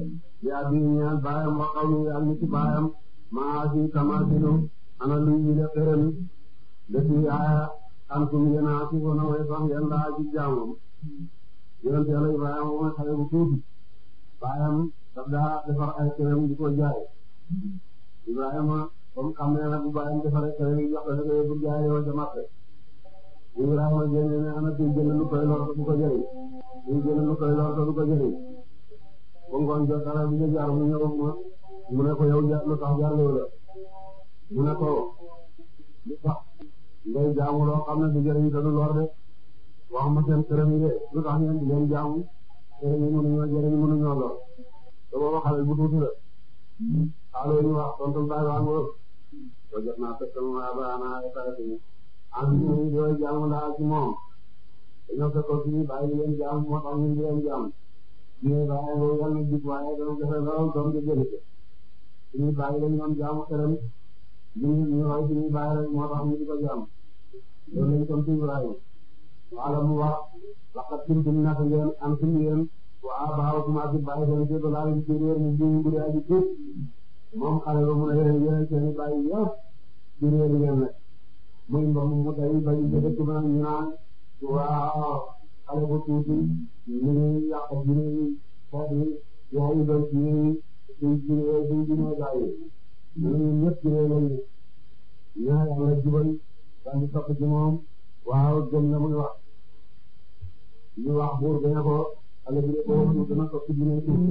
yaa bi ñaan baayam waxaw ñu yàlla ana luy ñu def xërëm def ci aaya. am kum ngeen a ku woon a way sax ngeen laa ji jaamoom yonent yàlla Ibrahima mooy xale bu tuuti baayam daf daa defar ay këram di ko jaay Ibrahima comme xam ne nag bu baayam defaree këram yi jox ko rek bu jaayee woon ca marché Ibrahima génne ne ana kuy jënd lu koy lor du ko jëriñ kuy jënd lu koy lor du ko jëriñ ba ngoon jot dara bi nga jaar mu ñëw ma mu ne ko yow ja lu tax jaar loolu la mu ne ko lu tax ngay jaamu loo xam ne du jëriñ te du lor de wax ma seen këram yi de lu tax ngeen di leen jaamu këram yi mënuñoo jëriñ mënuñoo lor te booba xale bu tuuti la xaaloo ñu wax tontu baay waa ngoor ba jot naa fekk mu waa ba ana ay xarit yi am ñu doy jaamu laa ci moom dañoo fekkoon suñu bàyyi di leen jaamu moo tax ñu di leen jaamu suñu bàyyi boobu yàlla jub waaye dama defe lool doom di jëli ko suñu bàyyi dañu doon jaamu këram ñu ñu roy suñu bàyyi rek moo tax ñu di ko jaamu loolu lañ sant Ibrahima wala mu wax laqad kuntum naka ngeen antum yéen wa abaakum ak bàyyi seen balaa yu ci réer mu jiwu bu dee aji tuut moom xale ba mu ne yéen yéen seen bàyyi yëpp ci réer ngeen ne muy mbam mu tey bañ a dëkk ba ñu naan waaw xale bu tuuti ñu ngi yàq jëlee xeet yi yaa ngi doon ci suñ jëlee suñ jëlee gars yi ñun ñëpp ci réer lañu ñaar yàlla jubal daal di topp ci moom waaw gëm na muy wax ñu wax buur bi ne ko xale bi ne ko ñu gën a topp ci dinañ ko mu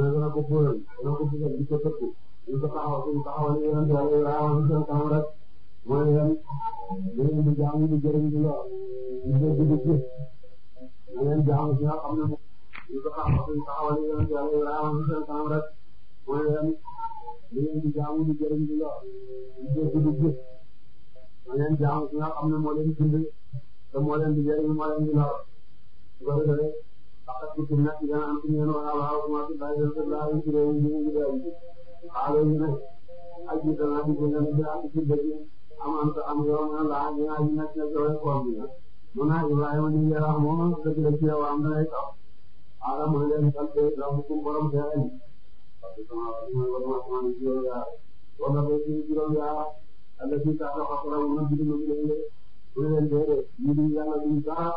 ne dana ko fóoyal dana ko fóoyal di ko tëkk di ko taxaw di taxawal yeneen yàlla yi waaw di seen kanam rek mu ne leen da ngeen di jaamu di jëriñ di lor di jëriñ di gis da ngeen jaamu si nga xam ne di ko taxaw di taxawal yeneen yàlla yi waaw di seen kanam rek mu ne leen leen di jaamu di jëriñ di yor di dégg di gis da nga xam ne moo leen bind te moo leen di jëriñ moo leen di lor su ko defee parce que suñu nekk dana am suñu yéen wala waaw maa ngi bàyyi leen laa leen tuddee wu ñu ngi di xaale ñu ne di gën a gën a ci dëgg am am am yoon na laa ñu naan ñu nekk ci wàllu koom bi mu naa Ibrahima di yàlla moom dëgg la ci yow am na ay taw Adama mu borom teewal parce que semence bi mooy wàllu semence bi juróomi yaar boo ko defee juróomi yaar ak la siy tax a wax dara mu nekk juróomi léeg-léeg bu leen déggee ñu ngi yàlla duñ dara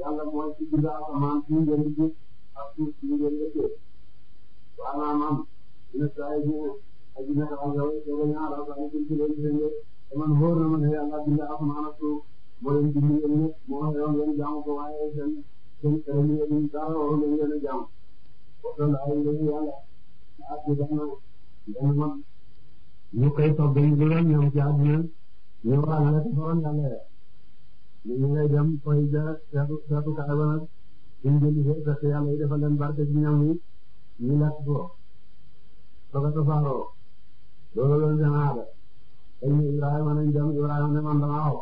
yàlla mooy ci biir asamaan suñu ngeen di gis ak suuf suñu ngeen di gis waaw naa maam dina saa yi ñu ak dina ko am yow dina ñaar ak ak suñ ci leen di déggee te man wóor na ma ne yàlla bind asamaan ak suuf moo leen bind yéen ñëpp moo wax yow ngeen jaamu ko waaye seen seen kër yi ngeen di dara waroon ngeen jaamu wax dëgg yàlla. ak dana dana mën ñu koy toog dañu gënoon ñoom ci àdduna ñu war a ngelaw ko waroon yàlla ya ñu ngi lay dem koy ja seetu seetu kaay ba nag suñu jëli fee fekk yàlla yi defal leen barke ci ñam yi ñu lekk ko soog a tasaaroo loolu loolu seen aada tey ñu Ibrahima nañ dem Ibrahima ne man damaa xaw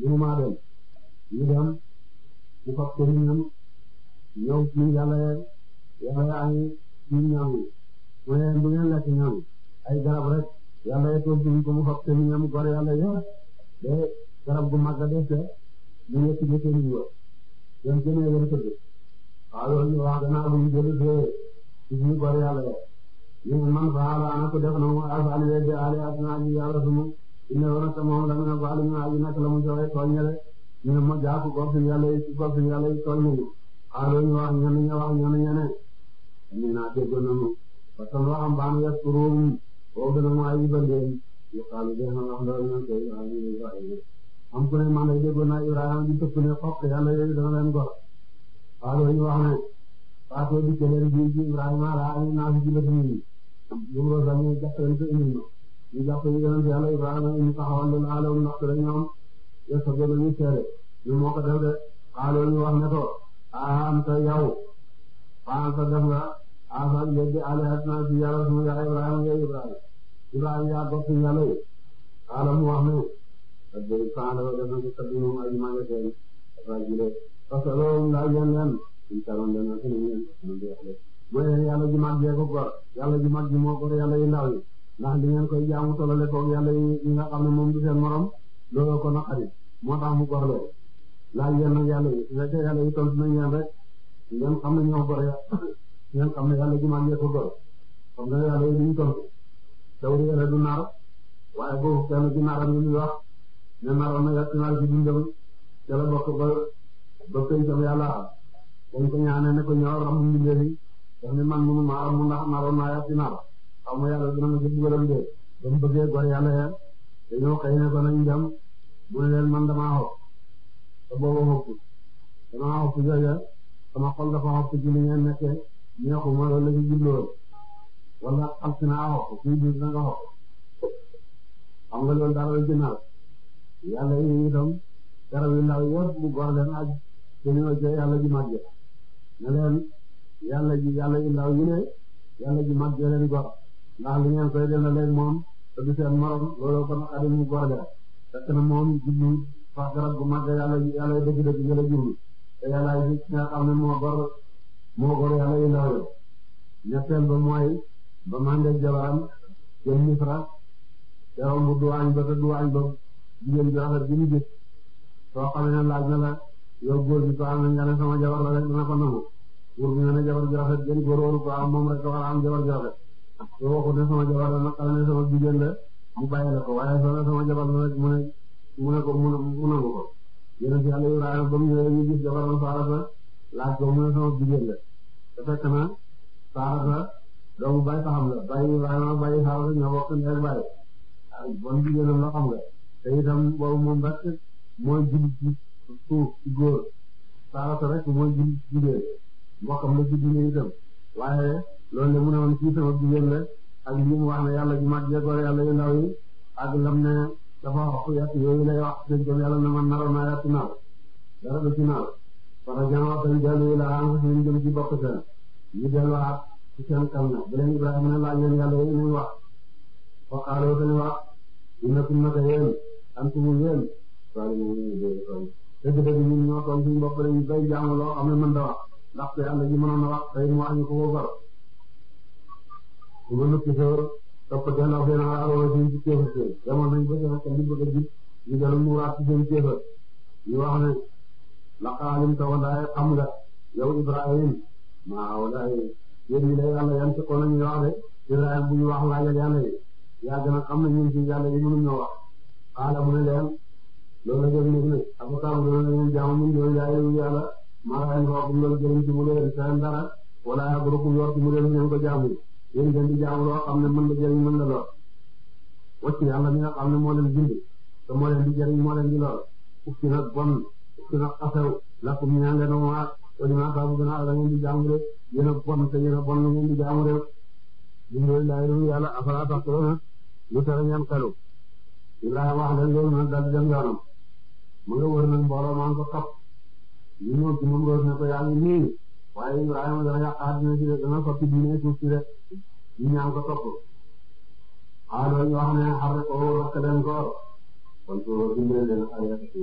ñu mu maa dem ñu dem ñu fokk ci ñoom ñëw ci yàlla ya yàlla yaa ngi. ñun ñaamuñu mu ne leen bu ngeen lekk ñaamu ay garab rek yàlla yëpp ñu ko mu xob te ñu ñam gore yàlla yëpp te garab gu mag la def te mu nekk ci seen jiw yéen seen yéen a tëdd waaw loolu wax danaa bu ñu jëli dee ci suñu gore yàlla yëpp ñu man faa la ana ko def na mu asal weddi ale ak naa ji yàlla sumu ina wana ka moom la mu ne baali ñu aji nak la mu joxe tooñale ñu ne ma jaaku ko fi yàlla yi ko fi yàlla yi tooñale waaw loolu wax ñenn ña wax ñenn ñeneen nee naa déggoon nañu parce que waxam baa nga gën a mu ay yibandeem yu xaalu de na wax loolu ñoom kay waaw ñu ngi wax ku ne man de déggoon naa Ibrahima di tëpp ne xokk yàlla yooyu dana leen gor waaw loolu ñu wax ne faatoo di keleen bii ci Ibrahima laa ñu naa fi ci bët nii ñoom Rosa ñu jàppalante indi ñu ñu jàpp yonent yàlla Ibrahima ñu taxawal leen aaloom ndax la ñoom ya sa gën a ñu seere ñu moo ko def de xaaloo ñu wax ne ko ah am ta yow xaal sa def nga asan yeddi alihatna ci yàlla suñu yaay Ibrahima ngay Ibrahima Ibrahima yaa bokk yàlla yi xaala mu wax ne addéy sanlaa def na ko kaddimam aji maa nga seen rajile parce que loolu laaj leen leen suñ karoon leen ak ni ngeen man di waxle mooy yàlla ji mag jee ko gor yàlla ji mag ji moo gor yàlla yi ndaw yi ndax di ngeen koy jaamu tolale koog yàlla yi yi nga xam ne moom du seen morom looloo ko naqari moo tax mu gor leen laaj leen nag yàlla yi su fekkee yàlla yi tontu nañ leen rek ngeen xam ne ñoo gor ya ñoom xam na yàlla jumaan yee ko gor xam nga yàlla yi duñ tontu dawul yàlla du nar waaye boobu kenn ci naram yi muy wax ne naroon na yàlla ci nar ci dundam ca la bokk ba ba pëytam yàlla am dañ ko ñaane ne ko ñoo ramm mbindee fi daf ne man munu maa ramm ndax naroon naa yàlla ci nar xam nga yàlla dina ma ci dugalam de ba mu bëggee gor yàlla yeen dañoo xëy ne ko nañ dem mu ne leen man damaa xob te booba xobtu damaa xobtu jooja sama xol dafa xobtu ci li ngeen nekkee neexu mooy loolu la jubloo wala xam si naa xox fii biir na nga xox xam nga loolu dara la ci yàlla yi itam garab yu ndaw yëpp mu góor leen ak yàlla ji màgg ne yàlla ji yàlla yu ndaw leen moom te du seen morom looloo kon xale mu góor leen fekk na moom jublu sax garab bu màgg yàlla yàlla dëgg-dëgg nga la jublu te yàlla yi nga xam ne moo góor moo góor yàlla yu ndaw yo ñetteel ba mooy ba màndeeg jabaram jëm misra te romb duwaañ ba te duwaañ ba jigéen bi rafet soo xamee ne laaj na la yow góor bi ko am na sama jabar la rek dana ko nangu pour mu ne jabar bi rafet góor waru ko am moom rek war a am jabar bi rafet soo ne sama jabar la nag ne sama jigéen la mu bàyyi ko waaye soo ne sama jabar la rek mu ne mu ne ko mu nangu ko yéen a si yàlla yu raadu ba mu ñëwee ñu gis jabaram laaj boobu mooy sama jigéen la te fekk na saarata doomu bay saxam la bay Ibrahima bay saarata ñoo bokk ndeg bay bon jigéenam la xam nga te itam boobu moom rek mooy jullit ci suuf ci góor saarata rek mooy jullit ci jigéen mbokkam la ci diine itam waaye loolu de mu ne woon ci sama jigéen la ak li mu wax ne yàlla ju mag jegoor yàlla yu ndaw yi ak lam ne dafa wax yàtt yooyu lay wax seen jëm yàlla ne man naroon naa yàtt naaw dara du ci naaw fara janoo tan dellu ilaa anfusihim jëm ci bopp seen ñu delluwaat ci seen kam na beneen Ibrahima ne laaj leen yàlla yéen ñu wax fa xaaloo tan wax innakum naka yéen antum yéen salimuun dëgg-dëgg ñun ñoo toll suñu bopp dañu bay jaamu loo xam ne mën da wax ndaxte yàlla ji mënoon na wax tey mu wax ñu ko ko far bu lukki soor topp delloo fee naa aroona seen ci kéefër seen demoon nañ ba seen ak li bëgg a jib ñu dellu mu waat ci seen kéefër ñu wax ne laqa alim tawalaaye xam nga yow Ibrahim maa awlaay yéen ñi de yàlla yan ci kaw nañu Ibrahim bu wax laajal yàlla yi gën a xam ne ñun ci yàlla yi mënuñu wax xaala mu ne leen loolu la jëm nit ñi abataan bi loolu la ñuy jaamu ñun ñoo jaay yu yàlla maa ngi wax bu ñu ci mu leen seen dara wala yaa bëgg ku ci mu leen ngeen ko jaamu yéen jaamu loo xam ne mën na jëriñ mën na lor wacc yàlla mi nga xam ne moo leen bind te di jëriñ dina xasew lakk mi ñaan leen moom ah wala maa saabu gannaaw la di jaamu de yéen a bon te yéen a bon la di jaamu de alhamdulilah yow yàlla afala taquluna lu tere ngeen xelu Ibrahima wax leen loolu nag daal di dem yoonam mu nga wër nag mbooloo maa ngi ko topp ñu ñëw ci ne ko yaa ngi nii waaye Ibrahima dana yàqaat dina ci de dana soppi diine suuf ci de ñu ko topp ah loolu ñu wax ne xar ko rakk leen ko kon suuf si mbir leen xar yàq si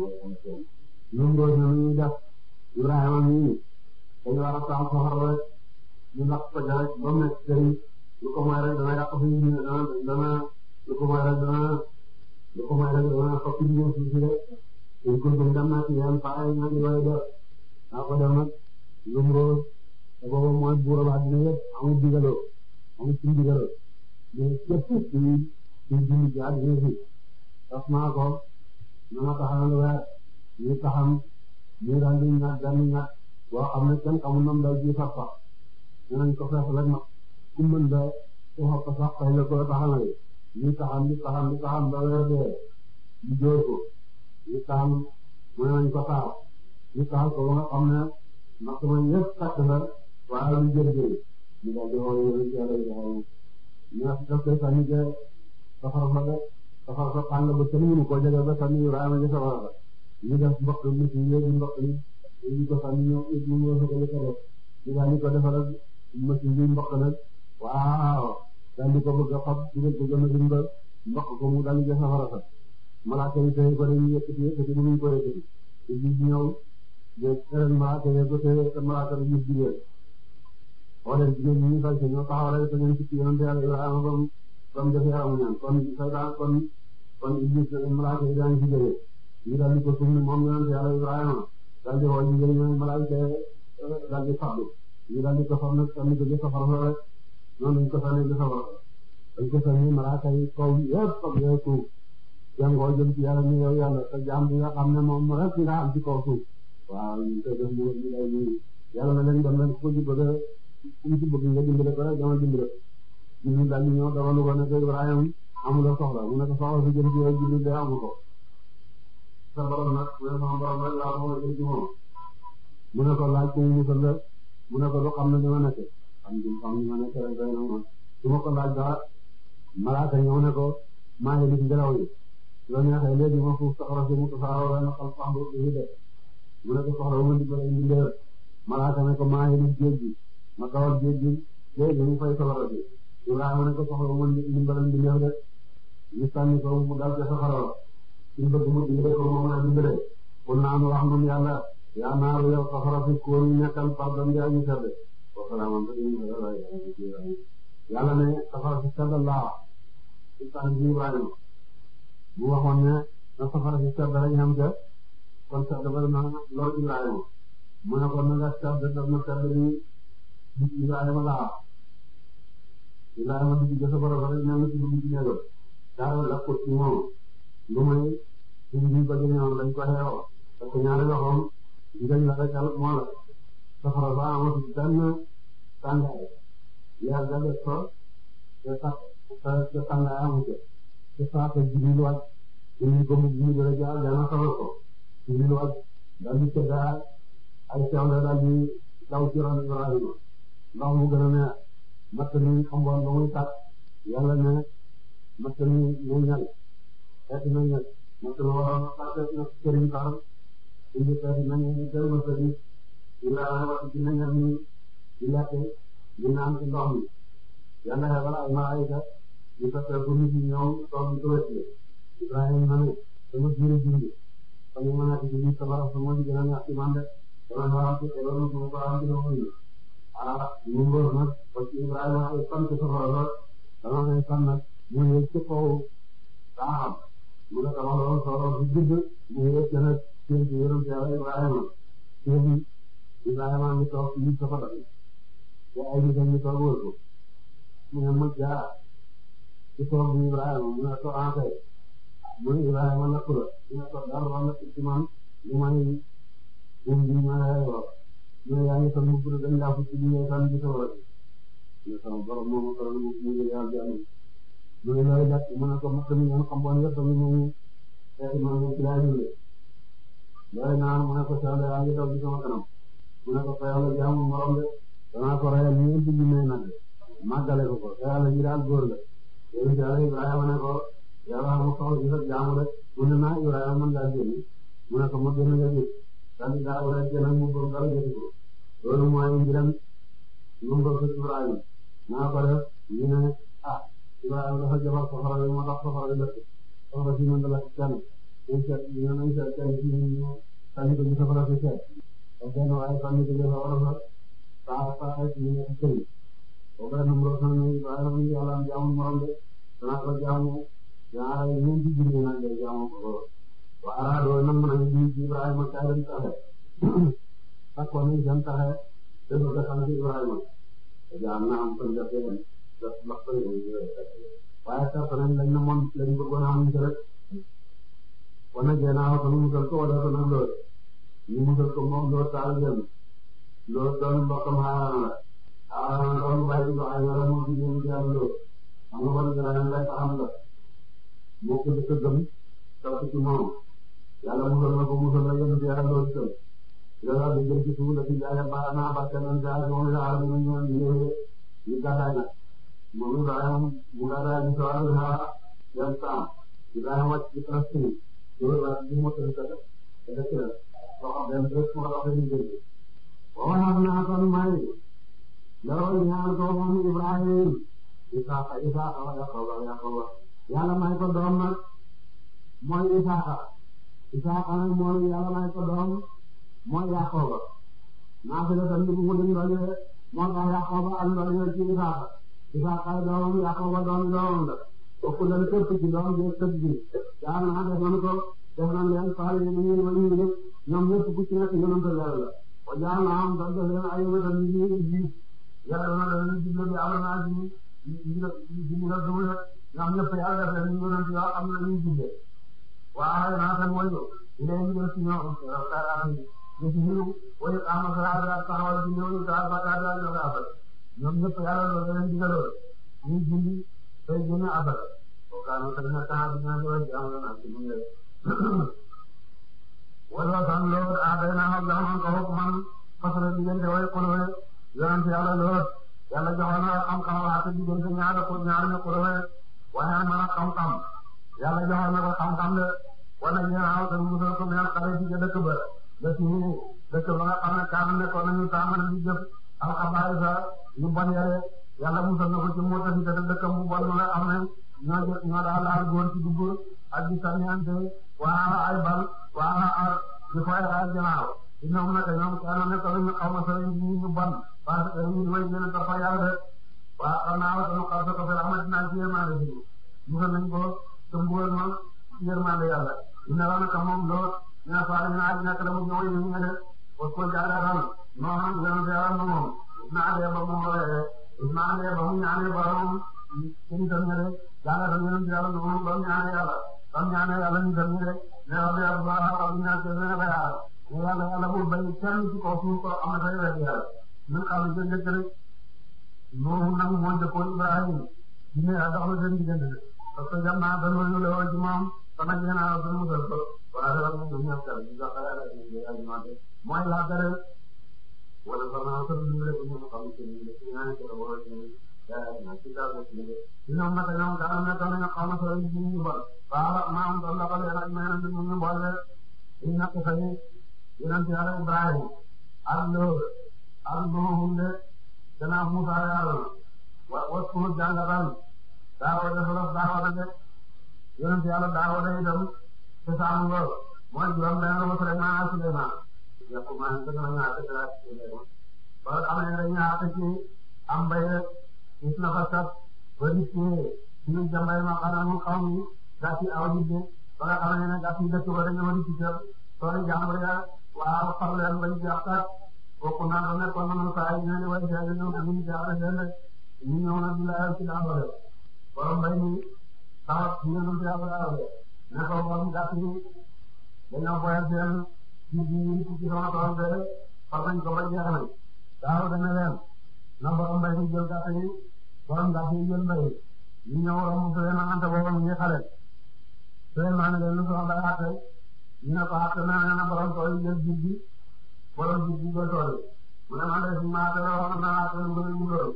ñun ñooñu ñuy def Ibrahima ñii dañu war a taal soxor rek ñu napp ko ja rek ba mu nekk tey lu ko may rek dana yàq suñu diine dana dana lu ko may rek dana lu ko may rek dana fokk ñu ngi si rek dañ ko gën dem na ci yan paa yi ñu ngi lay def daa ko dem nag Lumroos te boobu mooy buur ba dina yëpp amul digaloo amul suñu digaloo mais képp ci ci julli jaar yéen fii tas naa ko na ma taxawal weer. ñu taxam ñu daal di ñaar benn ñaar boo xam ne kenn xamul ñoom day ji ko fexe rek nag ku mën da wax ko sax xëy na koo taxawee ñu taxam ñu taxam ñu taxam ba weer dee ñu ko ñu taxam mën ko taal ko ba nga xam ne ndax man yëpp takk na waaye lu jëndee ñu daal di woo yéen ñu ko jege ñu def mboq mi ci yéegi mboq yi ñu ko fan ñëw it mu ñëw sëgale keroog ñu daal di ko defaral machine bi mboq nag waaw daal di ko bëgg a fab dugal ko gën a dimbal mboq ko mu daal di def safara sa malaaka yi tey ko dañuy yëkkati yëkkati nu muy ko yëkkati te gis ñëw de ren malaaka yi ba tey malaaka yi gis jigéen wala jigéen ñi fay sa ñoo taxaw rek dañuy ci yoon te yàlla Ibrahima ba mu ba mu defee amuñu kon saytaan kon kon iblis malaaka yi daañu ci jëlee ñu daal di ko suuf ni moom yonent yàlla Ibrahima daal di woo ñu jëriñ ñoom malaayika daal di fàddu ñu daal di ko far nag tamit di ko far rek noonu lañ ko sànnee di safara dañ ko sànnee malaaka yi kaw yëpp ak yooyu suuf jàngoo jëm ci yàlla ni yow yàlla sa jaam bi nga xam ne moom rek nga am ci kaw suuf waaw ñu koy def mu ñu lay nuyu yàlla na leen dem leen ko ci bëgg ku ci bëgg nga dimbale ko rek dama dimbale ñu daal di ñëw dama lu ko nekk Ibrahima amuloo soxla mu nekk soxla si jëm ci yow jibril day amu ko sa borom nag laa bëgg a jëm ci mu ne ko laaj tey musal la mu ne ko du xam ne li ma nekk xam nga xam li ma nekk rek na moom ma ko laaj dara malaaka ñëw ne ko maa ngi gis ngelaw yi su ma suuf saxara si mu tasaaroo rek nga xam sax bu ëpp yi mu ne ko soxla wu ma di bëri indi leer malaaka ne ko maa ngi gis géej gi ma kawal géej gi léegi mu fay saxara si Ibrahima ne ko soxla wu ma di bëri indi leer de ñu sànni mu dal ca saxara la suñ bëgg mu naan wax nun yàlla yaa naaru yow safara si kóor yi nekkal pardon bi aji sedd wa salaaman yàlla ne safara si sedd laa si saan si Ibrahima bu waxoon ne na safara si sedd rek xam te kon sedd ba na lool Ibrahima mu na nga sedd daf na sedd bi di Ibrahima la ko lu muy ci biir ba ginnaaw lañ ko xeexoo parce que ñaari loxoom njëriñ la rek moo la safara ba amatu benn tàngaay yàlla def ko te sax te tàngaay amu ca te saa ko jibil wàcc indi ko mu jibil rek yàlla dana safar ko jibil wàcc daal di tëddaay ay seetlu daal di daw ci ron Ibrahima ndox mu gën a ne matt mi xamoon ba muy tàkk yàlla ne matt mi ñoo ñal fekk nañ nag mosu ma waroon a fàtte nag sëriñ Ba indi fekk nañ ñu gën ma sëriñ ñu laa wax dina ñor ñu di lekk di naan ci ndox mi yàlla xebal ak malaayika ñu fekkal bu nit ñi ñëw toog ñu tuwét bi Ibrahima ma ne sama jiiri jindi fa ñu mën a ci jindi sama rafet moo ci gën a ñàkk ci man de sama xalaat ci xebal mu sama baram ci loxo yi ala ñu ngóor nag ba ci Ibrahima ay fan ci safara lool dama koy fan nag mu yëg ci kaw daa xam mu ne dafa lool soxla si digg mu yëg gën a jëm ci yërëm yàlla Ibrahima suuf Ibrahima mi toog yi safara bi te ay nit ñi toog wër ko mu ne ma jaa ci toog bi Ibrahima mu ne ko en fait mu ne Ibrahima napp la mu ne ko dara wala ci man lu may um bi ma lay wax mu ne yaa ngi toog mu bëri dañ laa ko ci biir tan bi safara bi ne sama borom moom mu toll mu ngi yàlla jàmm mu ne looy def mu ne ko mokk mi ngeen xamoon yëpp tamit moomu xeetu maa ngi ci laay dundee looy naan mu ne ko Sall yaa ngi toog ci sama kanam mu ne ko fa yàlla jaamu morom de danaa ko reyal ñeenti junne nag màggale ko ko fa yàlla ji daal góor la yéen Sall Ibrahima ne ko yàlla ma soxla ci sa jaamu rek mu ne naa Ibrahima man daal jënd mu ne ko ma gën a nga jënd daal di daaw rek jënd ak mu góor dara jënd ko loolu mooy njiram lu mu ko Ibrahima naa ko def ñu ne. Ibrahima dafa jëfandikoo safara bi moo tax safara bi lekk safara si ñun da la si kenn ñu seet ñu ne nañ seet kenn si ñu sànni ko ñu safara si seet ak benn waaye sànni ko jëfa wala fa saa saa ay ñu nekk sëriñ boo ko defee mu doon sànni ñu Ibrahima ñu yàlla am jaamu morom de danaa ko jaamu ñaare ñun ci biir ñu naan de jaamu ko wa araadoo nam nañ ñu ci Ibrahima kaay dem taxe ak ko nañ dem taxe dëgg ko xam ci Ibrahima jaa naa am ko def waaye sarta nañ lañ na moom lañ bëggoon a am ci rek wana jeenaaw ko nu musal ko wala ko nag lool ñu musal ko moom lool taal jëm lool doon mbokkam xaaraan la xaaraan doon bàyyi ko ay wala moom ci jëm ci am lool xam nga wan jeenaaw lay fa am la moo ko dëkk gëm taw ci moom yàlla musal na ko musal na yem ci yàlla lool itam yàlla di jëm ci suuf la ci jaay ba naa ba keneen jaay moom la ñu ñu ñu gàddaay nag moom Ibrahima mu ngi daal di sawar a yàlla saa Ibrahima wàcc ci Palestine loolu daal di mot a dëkk dëkk la soo xam ne bépp moo tax a ñu dégg. waaw xam naa kon maa ngi loolu ñaar ko moom Ibrahima Isaaxa Isaaxa wa Yaquba Yaquba yàlla may ko doom nag mooy Isaaxa Isaaxa nag mooy yàlla may ko doom mooy Yaquba naa fi la tamit mu ngi doon moo tax Yaquba ak ndox ci Isaaxa. Isaaqa doomam Yaaqooba doomi doomam la wa kullan képp ci doom bi ak sët bi yaa naa def nañu ko def nañ leen faale yi ñu wa ñu ñëpp ñoom ñëpp ku ci nekk yonent Yàlla la wa jaa naa am dañ def leen ay yonent yu ñu yàlla na leen di leen di amal naa ci di di di la dugg rek ñoom ñëpp yàlla def leen ñu yonent yoo am na ñu jubbe waaye naa seen mooy leen ñu ci ñoom ñu ci ñu wa yëpp amal saa daal taxawal ci ñoom ñu daal ba daal daal ñoo ñoom ñëpp yàlla loolu leen ñu julli tey génne asaka okaano tag na kaa bi ñaan way jaamu na ci mun lay wala tan lool aada na la man ko hok man fasala diggante way xolowe yonent yàlla lool yàlla joxoon na xam-xam waate diggante ñaara ko ñaar ñu xolowe waaye man a xam-xam yàlla joxoon na ko xam-xam de wala ñaaw tan musal ko meen xare ci dëkk ba da taamal di jëf al xabaar yu bon yooyu yàlla musal na ko ci moo tax itam dëkkam bu la am ne ñoo ñoo daal laal góor ci dugub ak di sànniyante waaw ay bal waaw ay di fooy ay gannaaw ñoom nag ñoom kenn nekk nañu xaw ma sëriñ bi ñu bon parce que ñu may gën a topp yàlla de waaw xam naa wax dama xaw sa ko fa rahmatinaa ci yërmande bi musal nañ ko te mbugal ma ci yërmande yàlla dina la naka moom lool dina faa dina nekk la mu ñëw ñu ñu ne de parce que jaay daal noonu ñu gën a jaay moom. Ismaïla ba mu wooyee Ismaïla ba mu ñaanee borom suñu dem ñu rek yàlla dem ñu yàlla nu mu ba mu ñaanee yàlla ba mu ñaanee yàlla ñu dem ñu rek mais wax dëgg yàlla bu baax a ñu ñaan seen ba yàlla mais yàlla yàlla bu bay kenn ci kaw suuf koo am na say wér yàlla ñun xam nga njëkk rek Nuuhu nag moo jëkkoon Ibrahima ñu ne la dox na seen diggante parce que jàmm naa dañoo ñu leewoon ci moom sama jënd naa la seen musal ko wala dama ñu ñëw kër gi sax dara la ñu mooy laajte rek. wala vraiment comme ni mu leen ko xam si ne si ñaari kër boo xam ne si daal la si ne ñoom nag ñoom daal nag daal na xaw ma solo ñu ñu bal waaw maam daal la ko leer ak maanaam ñu ñu boole ñu nekk fa ñu yonent yàlla Ibrahima ak Lóor ak Nuux de danaa Muusa yàlla wa wasku jàngatal daawa defalof daawa la de yonent yàlla daawa day dem te saamu lool mooy juróom benn ba pare maa Suleymaan yokku maanaam dëgg naa ñaata gëlaat ci léegi wala am nañ la ñaata ci am mbay rek gis na fa sab ba gis ci suñu jàmbay ma xanaa mu xaw mi gaa ci aw ji de wala xam nañ ne gaa ci dëkk ba dañu war a ci jël toolu jàmbur ya waaw farle ak mbay jaxaat kooku naa ko nekkoon na mu saa yi ñëwee wala jaay ñëw ak ñu jaxaat leen rek ñu ñëw na di laayal ci laa bële borom mbay mi taxaw ñu ñëw na di laayal ne ko borom gaa ci dañoo boyal seen jiit ñi ñu ngi ci sama borom de rek far nañ ko ba na borom mbay mi jël gàtt yi borom gàtt yi jël mbay yi mu ngi xale Souleymane leen lu soxla àtte ñu ne ko àtte naa ne borom mu ne man de si maa tëjoo xam naa àtte lu bëri mu loolu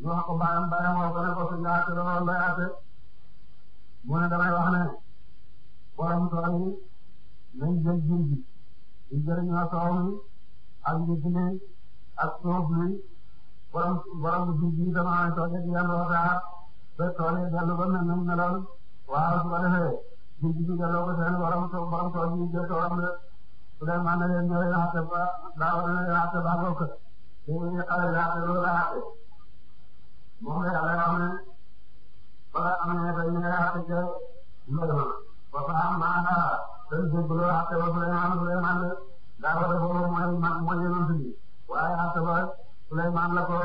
ñu wax ko ne ko suñu àtte la borom bay àtte mu ne damay wax ne borom tool nañ jël jur gi di jëriñoo soow mi ak njëkkile ak soof mi borom borom jur gi dama amee soo jëkk yàlla daa ba tool yi dellu ba mel nañ meloon waaw su ko defee jur gi delloo ko seen borom soo borom soo ji jël toolam la su dee man na leen ñëwee yaate ba daa war na yaate ba bokk di xale yaate loolu la yaate moom la yàlla yoo xam ne ba nga amee ba ñu yaate ca loolu ba fa am maanaam seen suuf bu doon àtte la daa ko def boobu mooy mooy yonent bi waaye àtte ba Souleymane la ko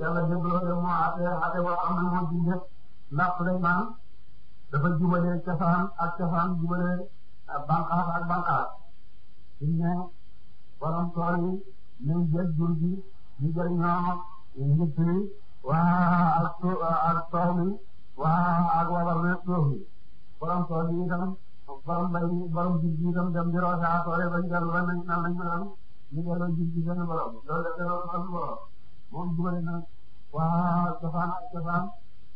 yàlla jëmbaloo dem moo àtte àtte boo xam ne moo jiite ndax Souleymane dafa jubale cosaan ak cosaan jubale bànqaas ak bànqaas ñu jëriñoo waa ak waa ak wabar ne suuf bi borom mbay mi borom jiw bi itam dem di roose à sooree ba ñu dellu lan lañ lan lañ mënoon ñu delloo jiw bi seen borom loolu la delloo am borom moom jubale na waa safaan ak safaan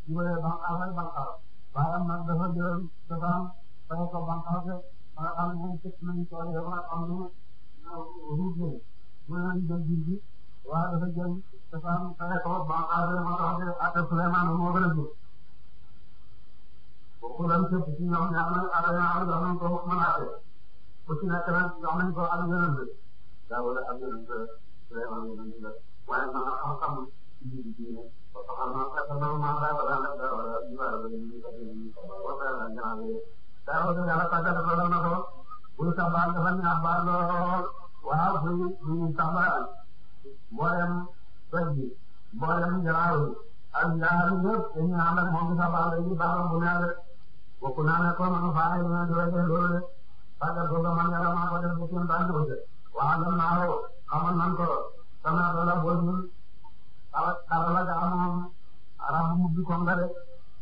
jubale ban affaire ban xaar waaye am na dafa jël safaan fay ko ban xaar te ba nga xam ne moom képp nañu sooree ba nga xam ne ruut lañu mën nañu jël jiw bi waaye dafa jël safaan fay ko ban xaar te ma tax a te Souleymane moo gën a boobu lan képp ci ñoom ñaar nañ alal jox nañ ko mën a atte ku ci nekk nag jox nañ ko ab yonent daa wala ab yonent vraiment yonent la waaye man xam-xam yi di diine ba xam na personnellement daa wala ndax daa wala jiwaale ba ñu ko déglu ba pare la ñaaree daa wala yàlla tàggat la la na ko buy sabbal dafa ñaax baal lool waaw buy buy sabbal mboolem bët bi mboolem jaraaw yi ak ñaar ñëpp dañuy ànd ak moom di sabbal dañuy baaxoon bu ñaaree bokku naa ne ko man faa yi ñu di wajal loolu de fàggal ko nga man yàlla maa ko def bu kenn daan dugg de waa lan naa ko xamal nan ko sama dala boo ñun xala xala la gaa moom arabu mubbi koŋ la de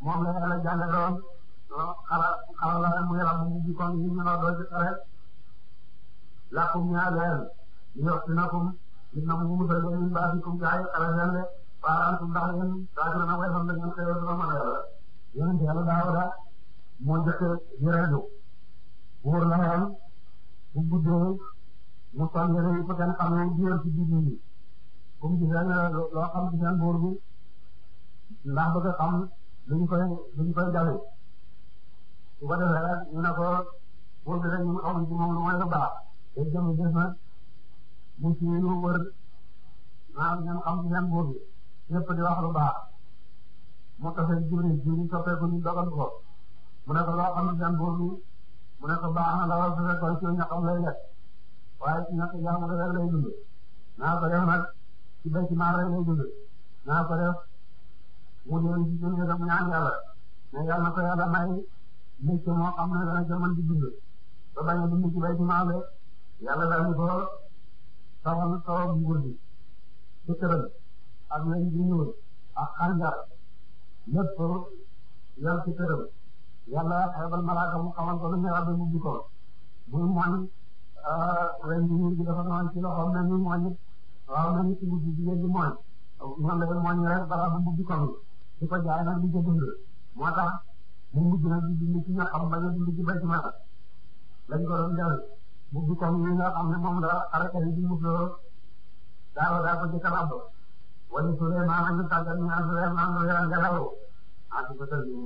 moom la yàlla jàngaloon xala xala la muy arabu mubbi koŋ yi ñu la doon rek lakum ñaa leen yoftinakum dina mu musal leen min baasikum gaay xala leen de faaraantum ndax yéen daa gën a way xam ne ngeen xëyoo sama man yàlla yéen yàlla daaw daa moo njëkk a yërëjëf wóor la xel bu guddee mu sol yére yi peut-être ne jiwër ci biir yi comme gisee nga loo xam gisee buur bi ndax bëgg xam luñ koy luñ koy jafe su ko defee rek ñu ne ko buur bi rek ñu am ci moom lu mooy lu baax te jëm gis na mu ci lu wër maanaam ñoom xam gisee buur bi lépp di wax lu baax moo tax Jibril Jibril mu ne ko loo xam ne gan boobu mu ne ko baax na lool su fekkoon ci ñaxam lay lekk waaye ci ñax jaamu rek lay dund naa ko def nag ci béy ci maar rek lay dund naa ko def mu doon ci suñu yëngam ñaan yàlla mais yàlla na ko yàlla may mbéy ci moo xam ne dana ca mën di dund ba bañ a dund ci béy ci maar rek yàlla daal di ko sawal sawal nguur gi ci këram ak lañ di ñëw ak xànjar lépp yàlla ci këram. yàlla xeebal malaaka mu xamal ko lu ah, ñu war ba mujj ko muy moñ ren jii bi dafa moñ ci loxoom na ñu moñ waaw na ñu ci mujj jigéen bi moñ noonu la moñ rek balaa ba mujj ko bi di ko jaay nag di ko dund moo tax mu mujj nag di dund ci ñoo xam ba ñu dund ci bay ci mata lañ ko doon def mujj ko yi nga xam ne moom la arrêté yi di musloo daal daa ko jëkk a rabb wala Souleymane ñu tàggat ñu naan Souleymane nga yàlla ngelaw ah ci ko tënk ñu